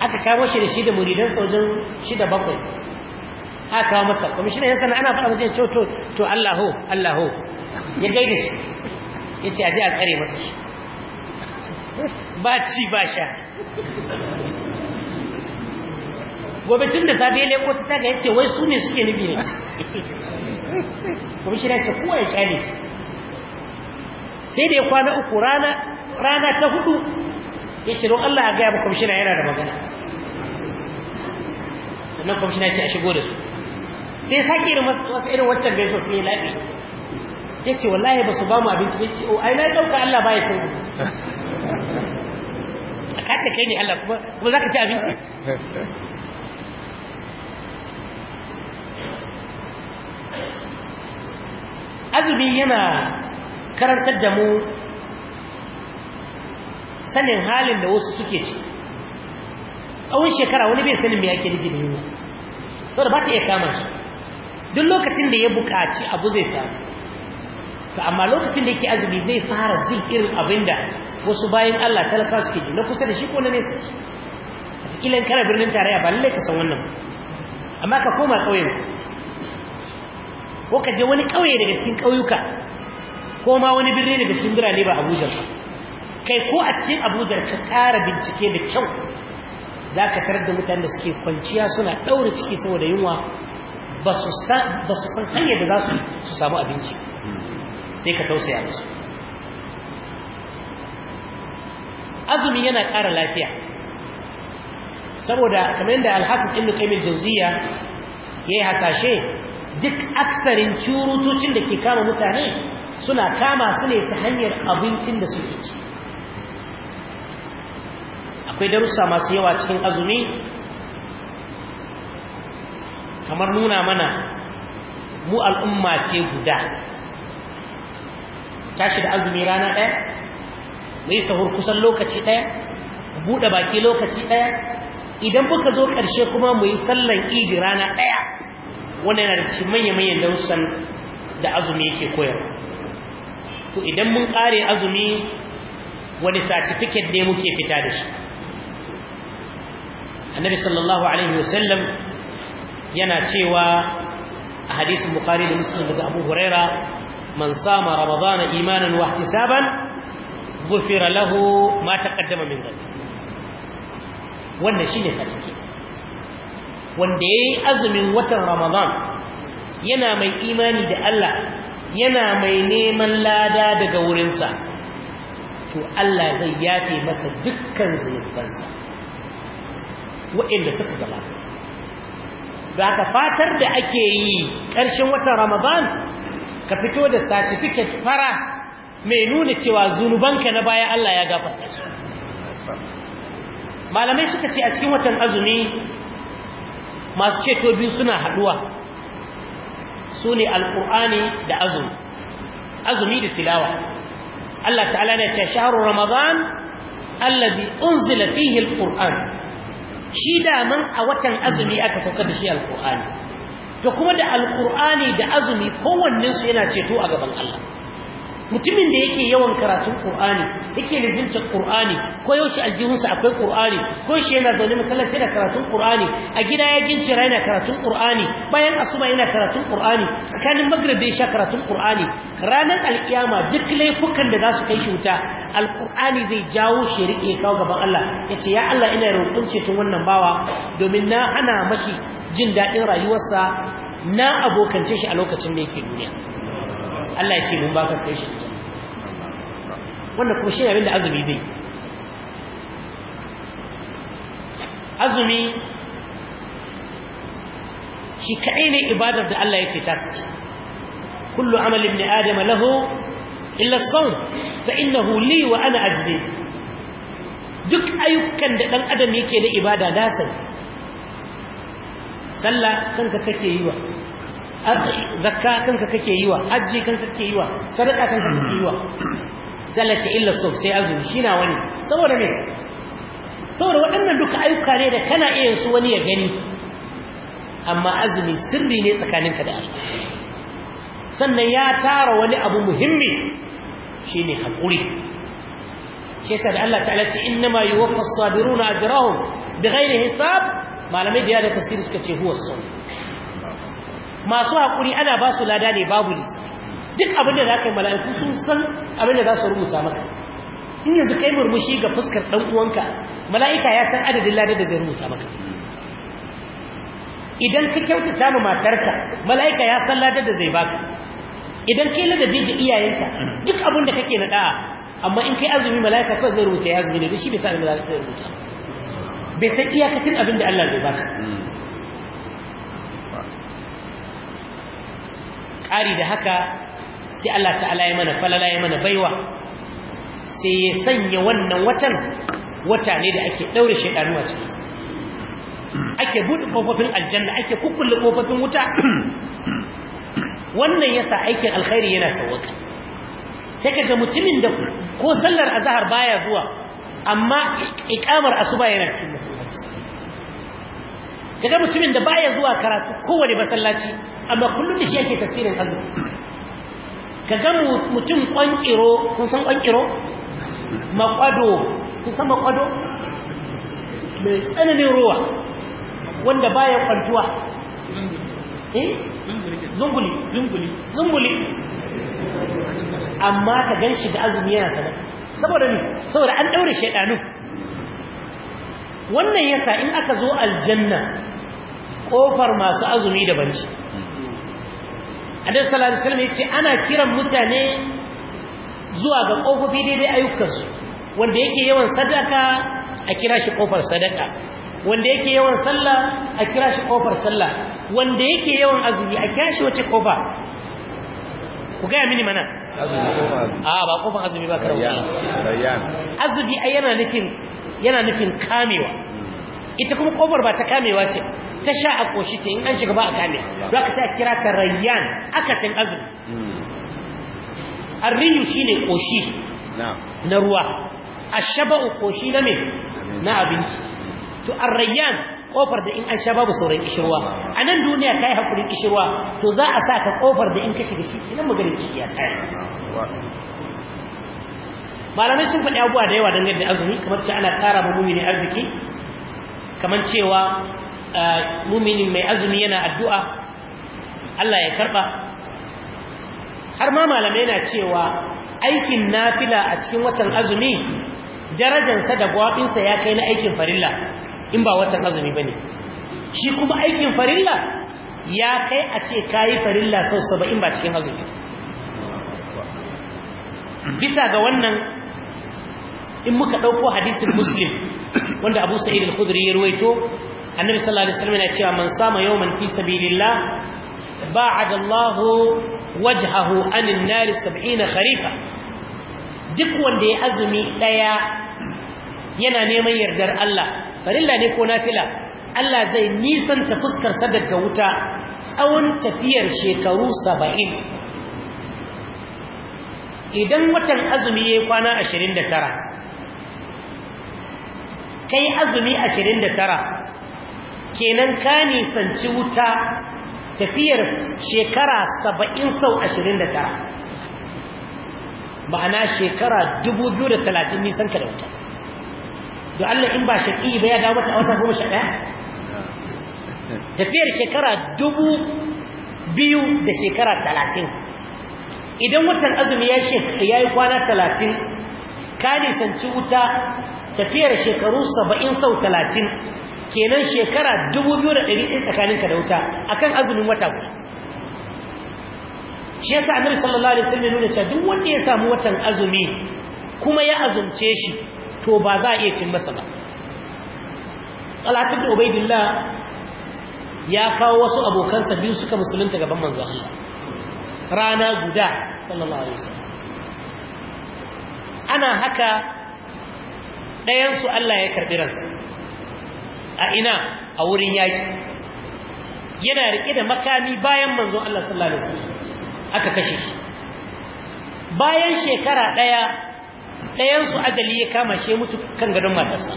aka kawo shi da shi da muridan sojin shi da bakwai aka kawo masa kwamishinan yan sana ana faɗa masa cewa to to Allah ho Allah ya gaida shi ya ce a je a tsare masa shi ba ci ba sha gobe tun da safe ya leko ta taga ya ce wai su ne suke nufi ne kwamishinan ya ce kowa ya kyale shi sai da ya kwana uku rana rana ta hudu ya ce don Allah ya gaya ba kwamishina yana da magana sannan kwamishina ce a shigo da su sai sake irin wasu irin wancan da yaso sai ya ya ce wallahi ba su ba mu abinci ne ce o oh, ai na ɗauka Allah ba ya ce a kace kai ne Allah kuma kuma za ka ci abinci azumi yana karantar da mu sanin halin da wasu suke ci tsawon shekara wani bai sanin mai yake nufi da yunwa da ba ta iya kama shi duk lokacin da ya bukaci abu zai samu to amma lokacin da yake azumi zai fara jin irin abin da wasu bayan Allah talaka suke ji na kusa da shi ko na nesa a cikin kana birnin tarayya ba lallai ka san wannan amma ka koma ƙauyen ko ka je wani ƙauye daga cikin ƙauyuka ko ma wani birni daga cikin birane ba Abuja ba kai ko a cikin abujar ka tara bincike da kyau za ka tarar da mutane da suke kwanciya suna ɗaura ciki saboda yunwa ba su san hanyar da za su samu abinci sai ka tausaya musu azumi yana ƙara lafiya saboda kamar yadda alhafin ibn qayyim jauziya yi hasashe duk aksarin curutocin da ke kama mutane suna kama su ne ta hanyar abincin da suke ci akwai darussa masu yawa cikin azumi kamar nuna mana mu al'umma ce guda tashi da azumi rana ɗaya mai sahur kusan lokaci ɗaya buɗe baki lokaci ɗaya idan muka zo ƙarshe kuma mu yi sallan idi rana ɗaya wanda yana da ci manya-manyan darussan da azumi yake koyarwa to idan mun ƙare azumi wani satifiket ne muke fita da shi annabi sallallahu alaihi wasallam yana cewa a hadisin bukhari da muslim daga abu huraira man sama ramadana imanan wa ihtisaban ghufira lahu ma taqaddama min dhanbi wannan shine fasiki wanda yayi azumin watan ramadan yana mai imani da Allah yana mai neman lada daga wurinsa to Allah zai yafe masa dukkan zunubansa waɗanda suka gabata da aka fatar da ake yi ƙarshen watan ramadan ka fito da certificate fara mai nuna cewa zunubanka na baya Allah ya gafarta su malamai suka ce a cikin watan azumi masu ceto biyu suna haɗuwa su ne alƙur'ani da azumi azumi da tilawa Allah ta'ala ne ce shaharu ramadan allazi unzila fihi alqur'an shi da daman a watan azumi aka sauka da shi alkur'ani to kuma da alkur'ani da azumi kowannensu yana ceto a gaban Allah mutumin da yake yawan karatun qur'ani yake lizinta qur'ani ko yaushe aljihunsa akwai qur'ani ko shi yana zaune masallaci da karatun qur'ani a gida ya gince na karatun qur'ani bayan asuba yana karatun qur'ani tsakanin maghrib ya sha karatun qur'ani ranar alkiyama duk laifukan da za su kai shi wuta zai jawo shi rike kawo gaban Allah yace ya Allah ina roƙon ceton wannan bawa domin na hana maki jin daɗin rayuwarsa na abokance shi a lokacin da yake duniya Allah ya ce mun baka kai shi wannan kuma shi abin da azumi zai azumi shi kaɗai ne ibadar da Allah ya ce ta su kullu Amalin ibn adam lahu illa son fa innahu huli wa ana ajiye duk ayyukan da ɗan adam yake na ibada nasa sallah kanka kake yi wa zakka kanka kake yi wa hajji kanka kake yi wa sadaka kanka kake yi wa zalati illa sub sai azumi shi na wani saboda ne saboda waɗannan duka ayyuka ne da kana iya su wani ya gani amma azumi sirri ne tsakaninka da Allah sannan ya tara wani abu muhimmi shine hakuri Kesa da Allah ta'ala ce innama yuwaffas sabiruna ajrahum bighayri hisab malamai da ya da tafsiri suka ce huwa sunna masu haƙuri ana ba su lada ne babu ne duk abin da za ka yi mala'iku sun san abin da za su rubuta maka in yanzu kai murmushi ga fuskar ɗan uwanka mala'ika ya san adadin lada da zai rubuta maka idan ka kyautata ma matarka mala'ika ya san lada da zai baka idan kai ladabi ga iyayenka duk abin da kake naɗa amma in kai azumi mala'ika kawai zai rubuta ya azumi ne shi bai ni da zai rubuta bai san iyakacin abin da Allah zai baka ƙari da haka sai Allah ta'ala ya mana falala ya mana baiwa sai ya sanya wannan watan wata ne da ake ɗaure shaidanu a cikinsa ake buɗe ƙofofin aljanna ake kukkulle ƙofofin wuta wannan yasa aikin alkhairi yana sauwaka sai kaga mutumin da ko sallar azahar baya zuwa amma ikamar asuba yana cikin masallaci kaga mutumin da baya zuwa karatu kowane masallaci amma kullum shi yake tasirin azumi kaga mutum kwankiro kun san kwankiro makwado kun san makwado mai tsananin ruwa wanda baya kwantuwa eh? zunguli zunguli zunguli amma ka gan shi da azumi yana sanar saboda ne saboda an daure shaidanu wannan yasa in aka zo aljanna kofar masu azumi da banci annabi sallallahu alaihi wasallam yace ana kiran mutane zuwa ga kofofi daidai ayyukansu wanda yake yawan sadaka a kira shi kofar sadaka wanda yake yawan sallah a kira shi kofar sallah wanda yake yawan azumi a kira shi wace kofa ku gaya mini mana azumi ah, ba kofar azumi ba karamu azumi ai yana nufin yana nufin kamewa ita kuma kofar ba ta kamewa ce ta sha a koshi ce in an shiga ba a kame za ka sa kira ta rayyan akasin azumi arriyu ne koshi na ruwa ashaba'u koshi na me na abinci to arrayyan kofar da in an sha babu sauran kishirwa a nan duniya yi haƙurin kishirwa to za a sa ka kofar da in ka shiga shi kinan maganin kishiya kai malamai sun faɗi abubuwa da yawa dangane da azumi kamar ce ana ƙara ma mumini arziki kamar cewa mumini mai azumi yana addu'a Allah ya karɓa har ma malamai na cewa aikin nafila a cikin watan azumi darajansa da gwaɓinsa ya kai na aikin farilla in ba watan azumi ba ne shi kuma aikin farilla ya kai a ce ka yi farilla sau in ba cikin azumi bisa ga wannan in muka ɗauko hadisin muslim wanda abu sa'id al-khudri ya ruwaito annabi sallallahu alaihi wasallam yana cewa man sama yawman fi sabilillah ba'ada Allah wajhahu anin nar 70 kharifa duk wanda ya azumi daya yana neman yardar Allah farilla ne ko nafila Allah zai nisanta fuskar sa daga wuta tsawon tafiyar shekaru 70 idan watan azumi ya kwana 29 kai azumi 29 kenan ka nisanci wuta tafiyar shekara 70 sau 29 ma'ana shekara 2030 nisan ka da wuta da Allah in ba shaƙi ba ya dawo ta a wata goma sha ɗaya tafiyar shekara dubu da shekara 30 idan watan azumi ya yi kwana 30 ka nisanci wuta tafiyar shekaru saba'in sau talatin kenan shekara dubu biyu da tsakaninka da wuta akan azumin wata guda shi yasa annabi sallallahu alaihi wasallam nuna cewa duk wanda ya samu watan azumi kuma ya azumce shi to ba za a iya cin masa ba Talatin da ya kawo wasu abokansa biyu suka musulunta gaban manzo Allah rana guda sallallahu alaihi wasallam ana haka ɗayansu Allah ya karɓi ransa a ina a wurin yaƙi yana riƙe da makami bayan manzon Allah sallallahu alaihi wasallam aka kashe shi bayan shekara ɗaya ɗayansu ajali ya kama shi mutu kan gadon matarsa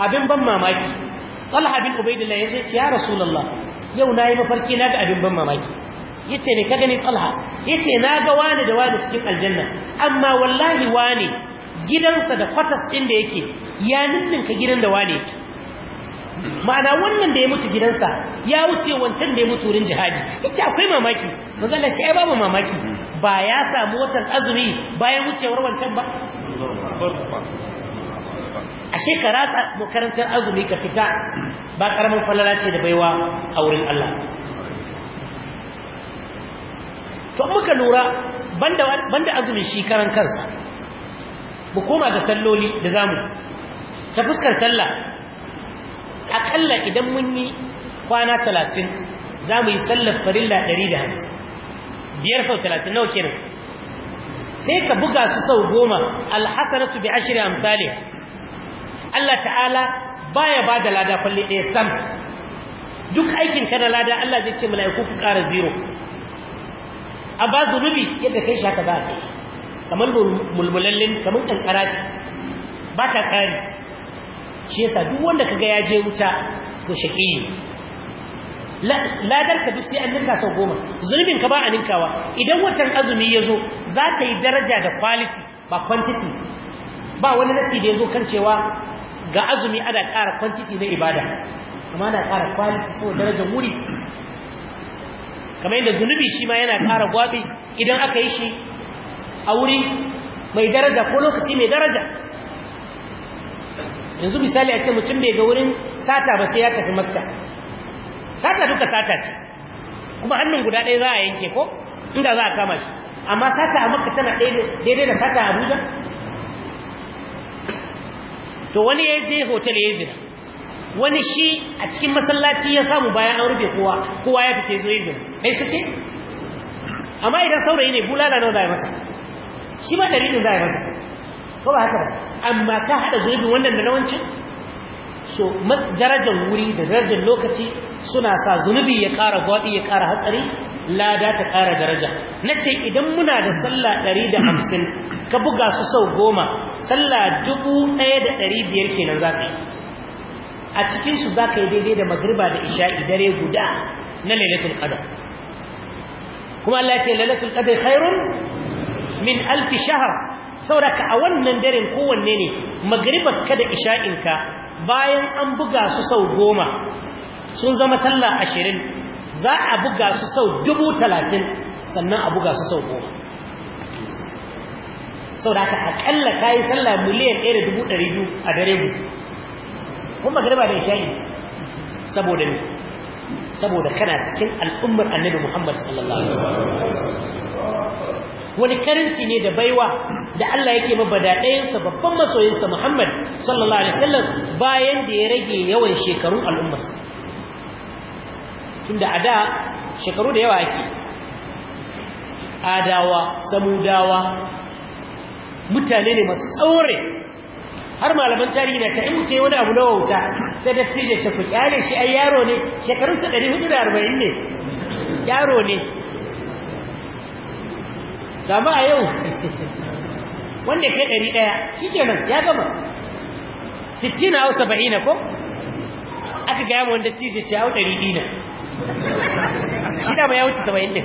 abin ban mamaki Talha bin Ubaidillah ya ce ya Rasulullah yau nayi mafarki na ga abin ban mamaki yace ne ka gani Talha yace na ga wani da wani cikin aljanna amma wallahi wani gidansa da kwatas ɗin da yake ya ninninka gidan da wane yake ma'ana wannan da ya mutu gidansa ya wuce wancan da ya mutu wurin jihadi yake akwai mamaki mazalla ce ai babu mamaki ba ya samu watan azumi bayan wucewar wancan ba a shekara ta makarantar azumi ka fita ba karamin falala ce da baiwa a wurin Allah to muka lura banda banda azumin shi karan kansa mu koma ga salloli da zamu ta fuskar sallah akalla idan mun yi kwana 30 zamu yi sallar farilla 150 biyar sau 30 nawa kenan sai ka buga su sau goma alhasanatu bi ashri amsalih Allah ta'ala baya bada lada kulli ɗaya sam duk aikin ka na lada Allah zai ce mala'iku ku ƙara zero a ba zunubi yadda kai shaka ba kamar mulmulallin kamar kankara ce ba ta kari shi yasa duk wanda ka ga ya je wuta to shaƙi ladar ka duk sai an ninka sau goma zulmin ka ba a ninkawa idan watan azumi ya zo za ta yi daraja da quality ba quantity ba wani nafi da ya zo kan cewa ga azumi ana ƙara quantity na ibada amma ana ƙara quality sau darajar wuri kamar yadda zunubi shi ma yana ƙara gwaɓi idan aka yi shi a wuri mai daraja ko lokaci mai daraja yanzu misali a ce mutum bai ga wurin sata ba sai ya tafi makka sata duka sata ce kuma hannun guda ɗaya za a yanke ko inda za a kama shi amma sata a makka tana daidai da sata a abuja to wani ya je hotel ya zina wani shi a cikin masallaci ya samu bayan an rufe kowa kowa ya fita zo ya zina kai suke amma idan saurayi ne bulala nawa za a masa shi ma dalilin za a yi masa ko ba haka ba amma ka haɗa zunubin wannan da nawancin so darajar wuri da darajar lokaci suna sa zunubi ya ƙara gwaɗi ya ƙara hatsari lada ta ƙara daraja na ce idan muna da sallah ɗari da hamsin ka buga su sau goma sallah dubu ɗaya da ɗari biyar kenan za ka yi a cikinsu za ka yi daidai da magriba da isha'i dare guda na lailatul qadar kuma Allah ya ce lailatul qadar khairun min alf shahr sauraka a wannan daren kowanne ne magribar ka da isha'in bayan an buga su sau goma sun zama sallah ashirin za a buga su sau dubu talatin sannan a buga su sau goma sauraka akalla ka yi sallah miliyan ɗaya da dubu ɗari biyu a dare mu kuma magriba da isha'in saboda ne saboda kana cikin al'ummar annabi muhammad sallallahu alaihi wasallam wani karanci ne da baiwa da Allah yake mabada ɗayansa babban masoyinsa Muhammad sallallahu alaihi wasallam bayan da ya rage yawan shekarun al'ummarsa tunda a da shekaru da yawa ake adawa samudawa mutane ne masu tsaure har malaman tarihi na ta'in mutum wani abu na wauta sai da tsirje shafi, ƙyale shi a yaro ne shekarunsa 440 ne yaro ne Gama a yau wanda kai ɗari ɗaya shi kenan ya gama sittina hausa saba'ina ko aka gaya mu wanda tije ce au ɗari ɗina shi da ma ya wuce saba'in ɗin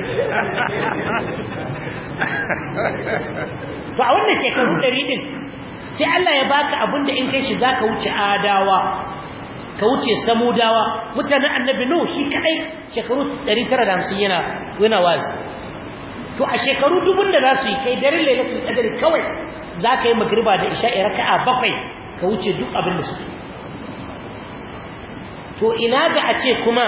to a wannan shekaru ɗari ɗin sai Allah ya baka abinda in kai shi za ka wuce adawa ka wuce samudawa mutanen annabi nuhu shi kadai shekaru 950 hamsin yana wazi to a shekaru dubun da za su yi kai daren lailatul qadr kawai za ka yi magriba da isha'i raka'a bakwai ka wuce duk abin da suke to ina ga a ce kuma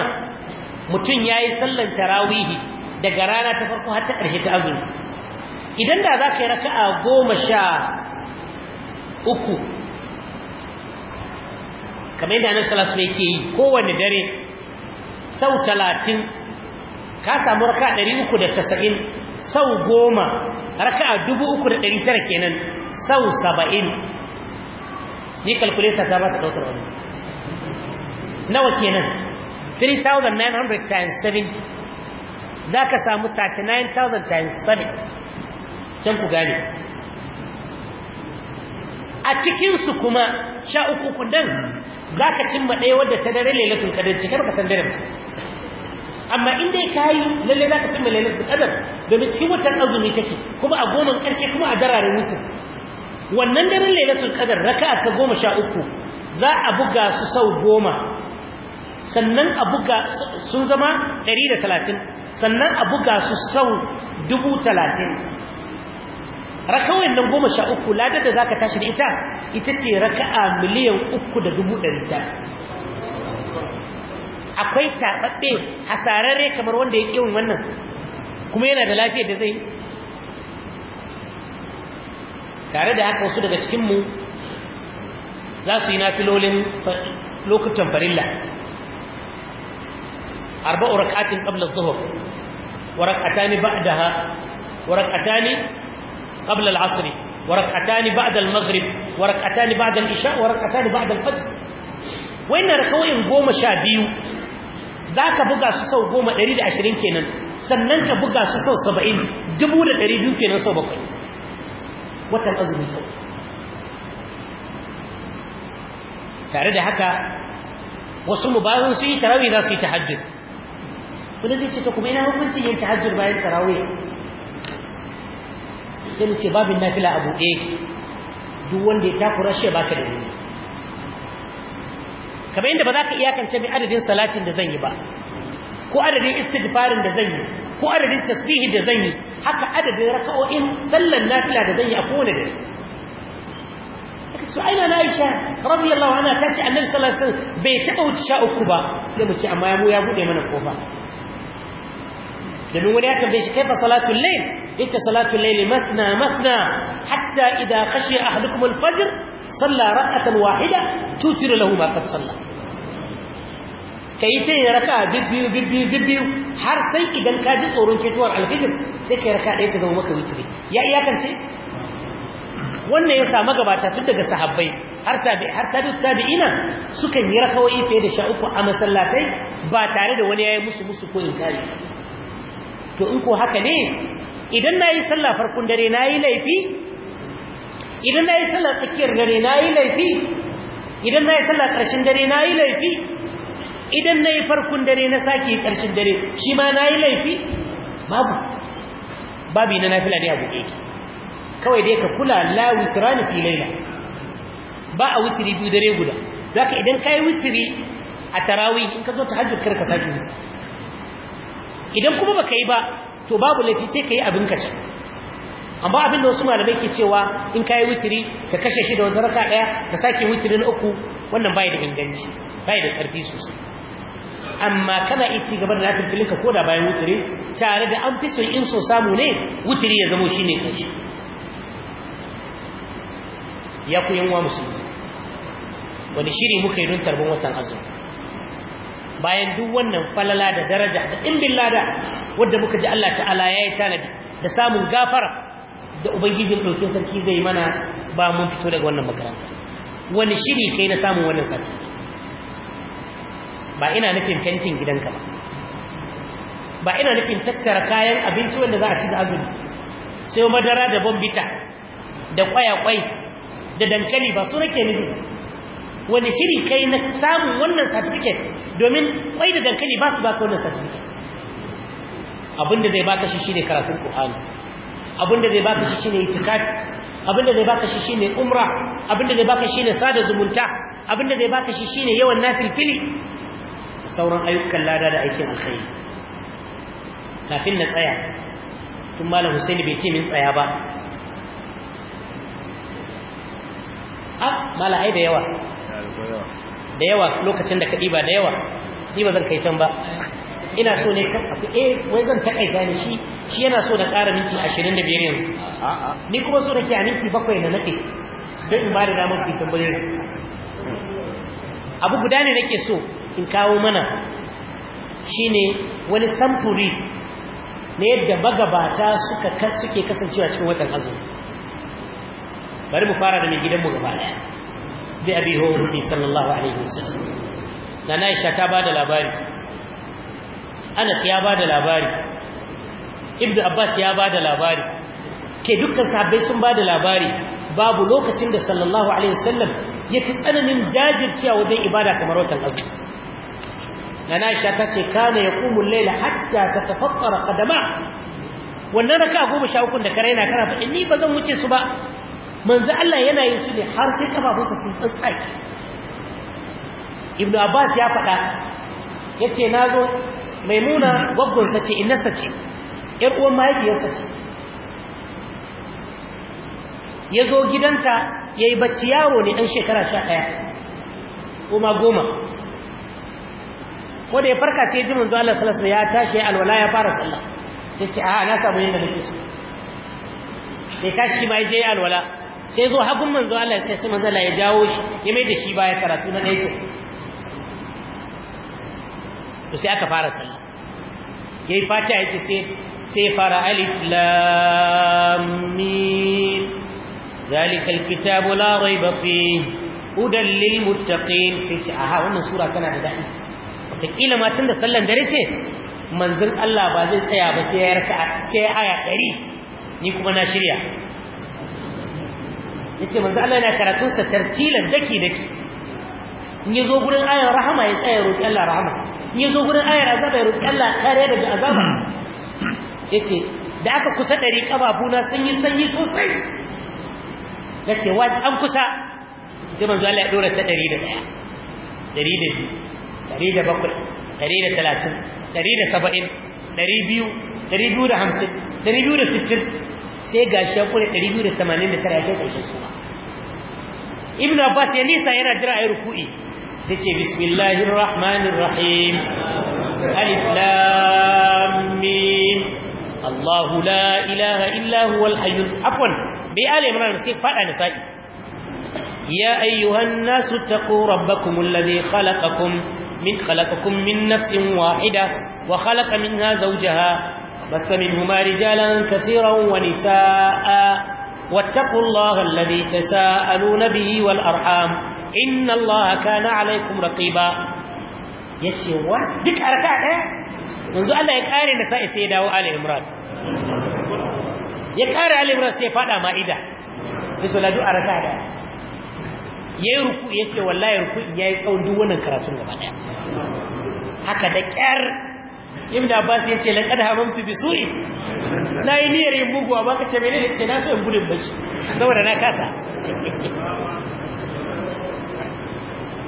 mutum yayi sallan tarawihi daga rana ta farko har ta ƙarshe ta azumi idan da za ka yi raka'a goma sha uku kamar yadda annabi sallallahu alaihi wasallam yake yi kowanne dare sau talatin ka samu raka'a ɗari uku da casa'in sau goma a dubu uku da ɗari tara kenan sau saba'in ni kalkuleta ta ba ta dautar wani nawa kenan 3,900 times 70 za ka samu 39,000 times 7 can ku gane a cikinsu kuma sha uku kundin za ka cimma ɗaya wadda ta dare lailatun kadar cikar ka san dare amma in dai kayi lalle za ka cimma kadar da mu cikin watan azumi take kuma a goma karshe kuma a darare mutum wannan daren lailatul kadar raka'a ta goma sha uku za a buga su sau goma sannan a buga sun zama 130 sannan a buga su sau 30 rakawai nan goma sha uku ladar da za ka tashi da ita ita ce raka'a miliyan uku da dubu ɗari ta akwai taɓaɓɓe hasararre kamar wanda ya ƙiwon wannan kuma yana da lafiya da zai tare da haka wasu daga cikinmu za su yi na filolin lokutan farilla arba'u rak'atin qabla Zuhur, dhuhr wa rak'atani ba'daha wa rak'atani qabla al Asiri, wa rak'atani ba'da al-maghrib wa rak'atani ba'da al-isha wa rak'atani ba'da al-fajr wa goma sha biyu. za ka buga su sau goma ɗari da ashirin kenan sannan ka buga su sau saba'in dubu da ɗari biyu kenan sau bakwai watan azumi kawai tare da haka wasu mu bayan su yi tarawih za su yi tahajjud wanda zai ce ta kuma ina hukunci yin tahajjud bayan tarawih sai mu ce babin nafila abu ɗaya duk wanda ya takura shi baka da ni kamar yadda ba za ka iyakance mai adadin salatin da zan yi ba ko adadin istighfarin da zan yi ko adadin tasbihi da zan yi haka adadin raka'o'in sallan nafila da zan yi a kowane dare su aina na Aisha radiyallahu anha ta ce Annabi sallallahu alaihi wasallam bai taba wuce sha uku ba sai mu ce amma ya ya buɗe mana kofa domin wani ya tambaye shi kaifa salatul layl yace salatul layl masna masna hatta idha khashiya ahadukum al-fajr salla rak'atan wahida tutiru lahu ma qad salla kai ta yi raka bibbiyu bibbiyu har sai idan ka ji tsoron fitowar alfijir sai kai raka ɗaya ta zama maka witiri ya iyakance wannan ya samu gabata tun daga sahabbai har tabi har tabi tabi'ina sukan yi rakawai fiye da sha uku a masallatai ba tare da wani yayi musu musu ko inkari to in ko haka ne idan na yi sallah farkon dare na yi laifi idan na yi sallah tsakiyar dare na yi laifi idan na yi sallah ƙarshen dare na yi laifi idan na yi farkon dare na saki ƙarshen dare shi ma na yi laifi babu babu na nafila ne abu yake. kawai dai ka kula la witran fi laila ba a witiri biyu dare guda zaka idan ka yi a tarawih in ka zo ta hajjar kar ka sake witiri idan kuma baka yi ba to babu laifi sai ka yi abin ka can amma abin da wasu malamai ke cewa in ka yi witiri ka kashe shi da wata raka ɗaya ka sake witiri na uku wannan bai da inganci bai da ƙarfi sosai amma kana iya ci gaba da lafin filinka ko da bayan wutiri tare da an fi son in so samu ne wutiri ya zamo shine ƙarshe ya ku yan musulmi wani shiri muka yi don tarbon watan azumi bayan duk wannan falala da daraja da ɗimbin lada wadda muka ji Allah ta'ala ya yi tanadi da samun gafara da ubangijin ɗaukin sarki zai mana ba mun fito daga wannan makaranta wani shiri kai na samun wannan sati ba ina nufin fentin gidanka ba ba ina nufin tattara kayan abinci wanda za a ci da azumi sai madara da bombita da kwayakwai da dankali ba su nake nufi wani shiri kai na samun wannan certificate domin kwai da dankali ba su ka wannan certificate abinda zai baka shi shine karatun Qur'ani abinda zai baka shi shine itikafi abinda zai baka shi shine umra abinda zai baka shine sada zumunta abinda zai baka shi shine yawan nafilfili sauran ayyukan lada da aikin alkhairi kafin na tsaya tun malam Hussein bai ce min tsaya ba ah mala ai da yawa da lokacin da ka ɗiba da yawa ni zan kai can ba ina so ne abu eh wai zan takaita ne shi shi yana so na ƙara minti 25 yanzu ni kuma so nake a minti bakwai na nake don in ba da damar su tambayoyi abu guda ne nake so in kawo mana shine wani samfuri na yadda magabata suka suke kasancewa cikin watan azumi bari mu fara da mai gidan gaba daya bi abi hurri sallallahu alaihi wasallam nana aisha ta bada labari anas ya bada labari ibnu abbas ya bada labari ke dukkan sahabbai sun bada labari babu lokacin da sallallahu alaihi wasallam yake tsananin a wajen ibada kamar watan azumi nana aisha ta ce kana yaqumu al-layla hatta tatafakkara qadama wannan raka'a goma sha uku da kare na kana faɗi ni ba zan wuce su ba manzo Allah yana yin su ne har sai kafafunsa sun tsatsaki ibnu abbas ya faɗa yace nazo maimuna gwaggon sa ce inna ce yar uwan mahaifiyarsa ce yazo gidanta yayi bacci yaro ne dan shekara 11 kuma goma ko da ya farka sai ji manzo Allah sallallahu alaihi wasallam ya tashi alwala ya fara sallah yace a na samu yin da nake so sai tashi ma je alwala sai zo hagun manzo Allah sai su manzala ya jawo shi ya mai da shi baya karatu na ɗaya to sai aka fara sallah yayi fata yake sai sai fara alif lam mim zalika alkitabu la rayba fihi hudan lil muttaqin sai ce aha wannan sura tana da dadi wataƙila ma tunda sallan dare ce manzon Allah ba zai tsaya ba sai ya raka sai aya 100 ni kuma na shirya yace manzo Allah yana karatun sa tartilan daki daki in yazo gurin ayar rahama ya tsaya roki Allah rahama in yazo gurin ayar azaba ya roki Allah kare daga azaba yace da aka kusa dari kababuna sun yi sanyi sosai yace wa an kusa sai manzo Allah ya dora ta da da da da da biyu, biyu, bakwai, talatin, saba'in, da hamsin, dari biyu da sittin. sai ga shi ya kure 289 ya kai ƙarshen sura ibn abbas ya nisa yana jira ayi ruku'i sai ce bismillahir rahmanir rahim alif lam mim Allahu la ilaha illa huwal hayyul afwan bi ali imran sai fada nisa'i ya ayyuhan nasu taqu rabbakumul ladhi khalaqakum min khalaqakum min nafsin wahida wa khalaqa minha zawjaha بث منهما رجالا كثيرا ونساء واتقوا الله الذي تساءلون به والأرحام إن الله كان عليكم رقيبا يتشوى دك أركاء منذ الله يكاري نساء سيدة وآل إمران يكاري آل إمران سيفادا مائدة يسوى لدو أركاء ya yi ruku ya ce wallahi ruku ya yi tsawon duk wannan karatun gaba daya haka da kyar ibn abbas yace laqad hamamtu bi su'i na yi niyyar yin bugu amma mene ne ce na so in gudun baki saboda na kasa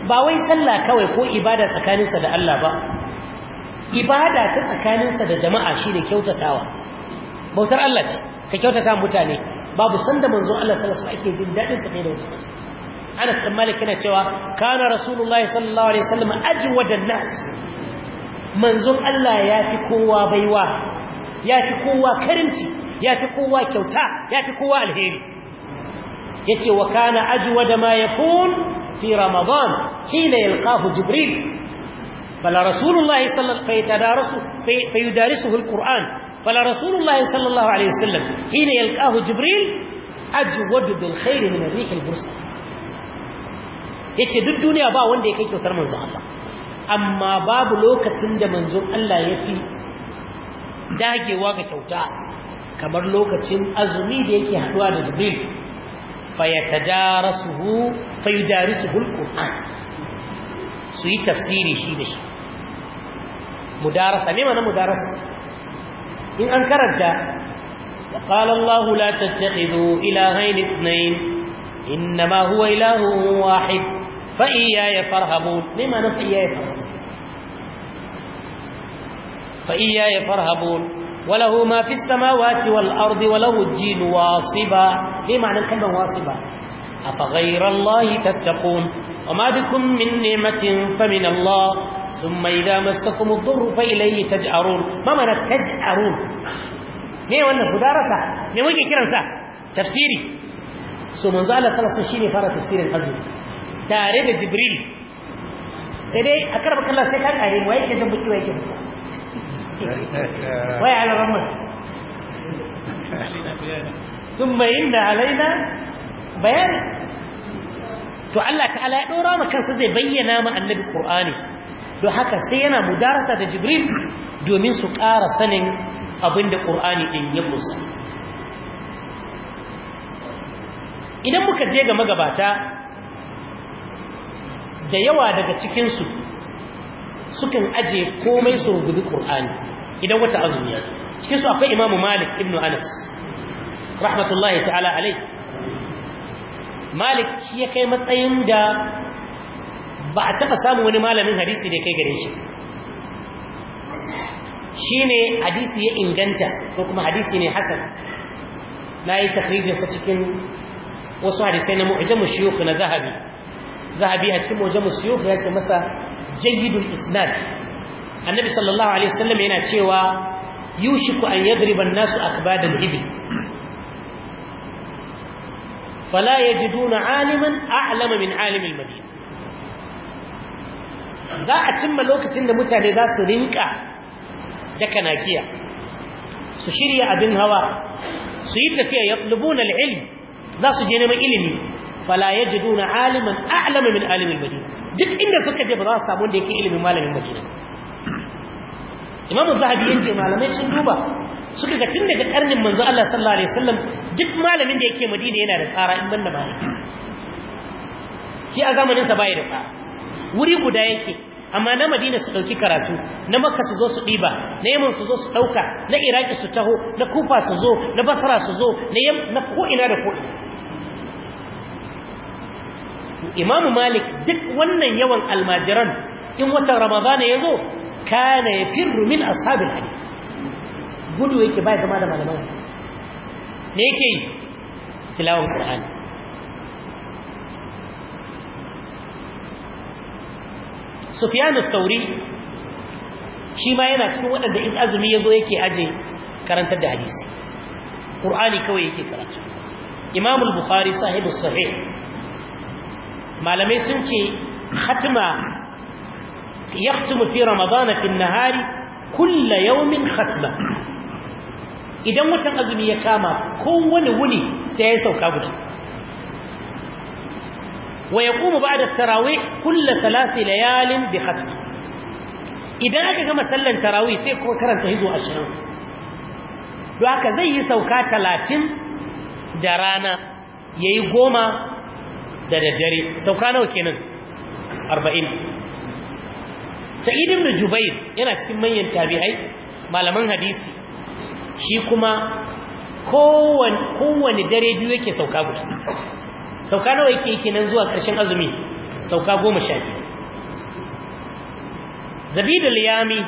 ba wai sallah kawai ko ibada tsakaninsa da Allah ba ibada ta tsakaninsa da jama'a shine kyautatawa bautar Allah ce ka kyautata mutane babu sanda manzo Allah sallallahu alaihi wasallam ake jin dadin sa kai da wasu Anas bin Malik yana cewa kana Rasulullahi sallallahu alaihi wasallam ajwadan nas manzon Allah ya fi kowa baiwa ya fi kowa karimci ya fi kowa kyauta ya fi kowa alheri ya ce wa kana ajiwa da ma ya kun fi ramadan hina yalqahu jibril fala rasulullahi sallallahu alaihi wasallam fayudarisuhu alquran فلا رسول الله صلى الله عليه وسلم حين يلقاه جبريل أجود بالخير من الريح البرسل yace duk duniya ba wanda ya kai kyautar manzo Allah amma babu lokacin da manzon Allah ya fi dagewa ga kyauta kamar lokacin azumi da yake haduwa da jibril fayatadarasuhu fayadarisuhu alquran su yi tafsiri shi da shi mudarasa ne mana mudarasa in an karanta وقال الله لا تتخذوا إلهين اثنين إنما هو إله واحد فإياي فارهبون ليه معنى فإياي فارهبون فإياي فارهبون وله ما في السماوات والأرض وله الدين واصبا ليه معنى الكلمة واصبا أفغير الله تتقون وما بكم من نعمة فمن الله ثم إذا مسكم الضر فإليه تجأرون ما معنى تجأرون ليه وانا فدارسة ليه ويجي كرنسة تفسيري سو منزال صلى الله عليه وسلم شيني فارة تفسير الغزو tare da jibril sai dai a karɓar kalla sai ka ƙare wa yake zan buki wa yake mutu waya ala ramar sun bayin da alaina bayan to Allah ta'ala ya ɗora ma kansa zai bayyana ma annabi Qur'ani don haka sai yana mudarata da jibril domin su ƙara sanin abin da ƙur'ani ɗin ya musa idan muka je ga magabata da yawa daga cikinsu sukan aje komai su rubutu ƙur'ani idan wata azumiya. cikinsu akwai imamu malik ibn anas rahmatullahi ta'ala alai malik shi ya kai matsayin da ba a taɓa samun wani malamin hadisi da ya kai gare shi shi ne hadisi ya inganta ko kuma hadisi ne hasan na yi tafrijinsa cikin wasu hadisai na mu'ajen mu na zahabi zahabi a cikin waje mu ya ce masa jayyidul isnad annabi sallallahu alaihi wasallam yana cewa yushiku an yadriba nasu akbadal ibil fala yajiduna aliman a'lama min alimil madina za a cimma lokacin da mutane za su rinka da kanakiya su shirya abin hawa su yi tafiya ya ilmi za su je neman ilimi fala yajiduna aliman a'lama min alimil madina duk inda suka je ba za su samu wanda yake ilimin malamin madina imamu zahabi yace malamai sun duba suka ga tun daga karnin manzo Allah sallallahu alaihi wasallam duk malamin da yake madina yana da tsara in banda maliki shi a zamanin sa bai da tsara wuri guda yake amma na madina su dauki karatu na makka su zo su diba na yaman su zo su dauka na iraki su taho na kufa su zo na basra su zo na yam na ko ina da ko ina imamu malik duk wannan yawan almajiran in watan ramadana ya zo kana ya firru min ashabin hadith gudu yake bai zama da malaman ne ne yake yi tilawan qur'ani sufyan al-thawri shi ma yana cikin waɗanda in azumi yazo yake aje karantar da hadisi qur'ani kawai yake karatu imam al-bukhari sahibu sahih malamai sun ce khatma yahtumu fi ramadana fi nahari kulla yawmin khatma idan watan azumi ya kama kowane wuni sai ya sauka guda wa ya kuma ba da tarawih kulla thalath layalin bi khatma idan aka gama sallan tarawih sai kuma karanta hizo 20 don haka zai yi sauka talatin da rana ya yi goma da daddare sauka nawa kenan 40 sa'id ibn jubair yana cikin manyan tabi'ai malaman hadisi shi kuma kowane dare biyu yake sauka guda sauka nawa yake yake nan zuwa ƙarshen azumi sauka goma sha biyu zabidul yami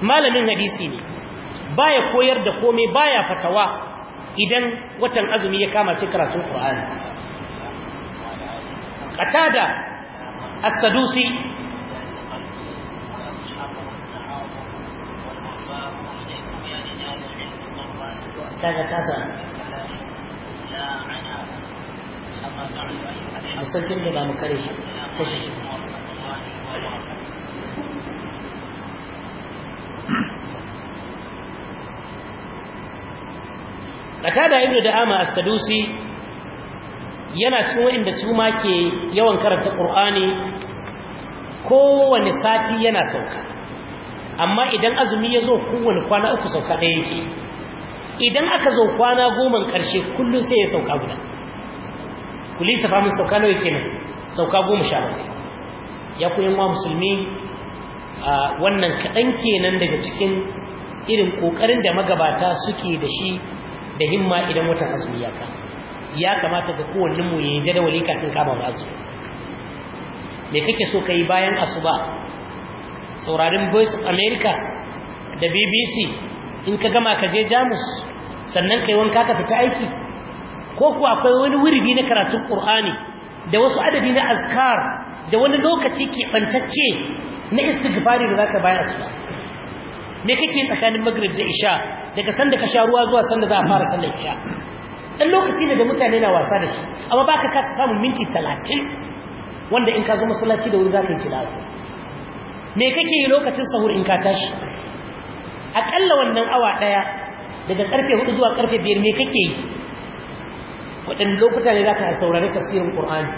malamin hadisi ne baya koyar da komai baya fatawa idan watan azumi ya kama sai karatun Qur'ani Qatada As-Sadusi kaga tasa musancin da ba kare shi kashe shi qatada ibnu da'ama as-sadusi yana cikin wanda su ma ke yawan karanta qur'ani kowane sati yana sauka amma idan azumi ya zo kwana uku sauka ɗaya yake idan aka zo kwana goma ƙarshe kullum sai ya sauka guda ku lissafa mun sauka nawa kenan sauka goma sha bakwai ya ku yan musulmi wannan kaɗan kenan daga cikin irin ƙoƙarin da magabata suke da shi da himma idan watan azumi ya kama ya kamata ga kowannen mu yayin jadawali kafin kama azumi me kake so kai bayan asuba saurarin Voice of America da BBC in ka gama ka je Jamus sannan kai wanka ka fita aiki ko kuwa akwai wani wurbi na karatun Qur'ani da wasu adadi na azkar da wani lokaci ke bantacce na istighfari da zaka bayar asuba me kake tsakanin maghrib da isha daga sanda ka sha ruwa zuwa sanda za a fara sallar isha dan lokaci ne da mutane na wasa da shi amma baka kasa samun minti talatin wanda in ka zo masallaci da wuri za ka yi tilawa me kake yi lokacin sahur in ka tashi akalla wannan awa daya daga karfe 4 zuwa karfe biyar me kake yi waɗanne lokuta ne za ka saurari tafsirin ƙur'ani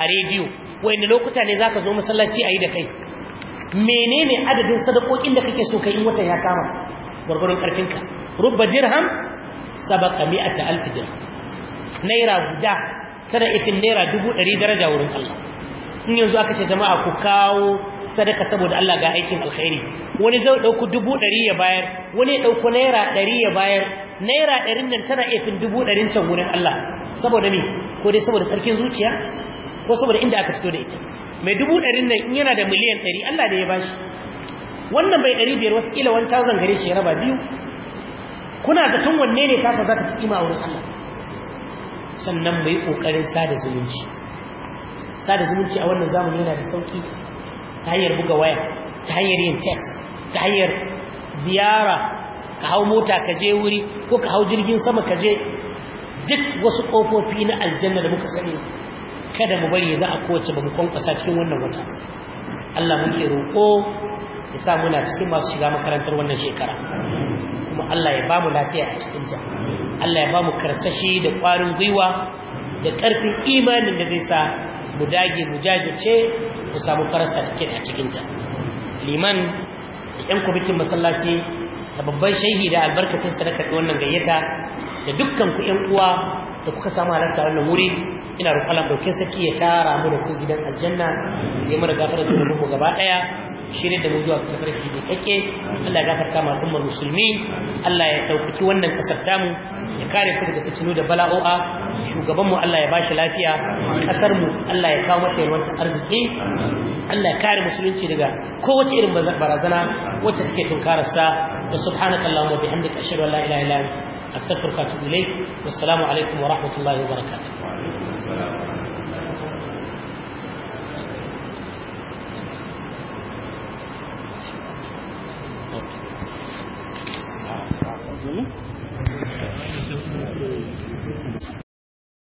a rediyo waɗanne lokuta ne za ka zo masallaci a yi da kai menene adadin sadakokin da kake so ka yi watan ya kama gwargwaron karfinka rubba dirham sabaka mi'ata alf dirham naira guda tana ifin naira dubu ɗari daraja wurin Allah in yanzu aka ce jama'a ku kawo sadaka saboda Allah ga aikin alkhairi wani zai dauko dubu ɗari ya bayar wani ya dauko naira ɗari ya bayar naira ɗarin nan tana ifin dubu ɗarin can wurin Allah saboda me ko dai saboda sarkin zuciya ko saboda inda aka fito da ita mai dubu ɗarin nan in yana da miliyan ɗari Allah ne ya bashi wannan bai 500 wasu kila 1000 gare shi raba biyu kuna da tun wanne ne kafa za ta fi kima wurin Allah sannan mai kokarin sada zumunci sada zumunci a wannan zamani yana da sauki ta hanyar buga waya ta hanyar yin text ta hanyar ziyara ka hau mota ka je wuri ko ka hau jirgin sama ka je duk wasu ƙofofi na aljanna da muka sani kada mu bari za a kowace ba mu kwankwasa cikin wannan wata Allah muke roƙo ya sa muna cikin masu shiga makarantar wannan shekara kuma Allah ya ba mu lafiya a cikinta Allah ya ba mu karsashi da ƙwarin gwiwa da ƙarfin imanin da zai sa mu dage mu jajirce mu samu farasa cikin a cikinta liman da ƴan kwamitin masallaci da babban shaihi da albarkacin sadaka da wannan gayyata da dukkan ku ƴan uwa da kuka samu halarta wannan wuri ina roƙon Allah saki ya tara mu da ku gidan aljanna ya mu da gafara da mu gaba ɗaya shirin da mu zuwa ga tafarki ne kake Allah ya gafarta ma al'ummar musulmi Allah ya ɗaukaki wannan kasar tamu ya kare ta daga fitinu da bala'o'a shugaban mu Allah ya bashi lafiya kasar mu Allah ya kawo mata yarwancin arziki Allah ya kare musulunci daga kowace irin barazana wacce take tunkarar sa wa subhanakallahumma bihamdika ashhadu an la ilaha illa anta astaghfiruka wa atubu ilaik wassalamu alaikum wa rahmatullahi wa barakatuh Thank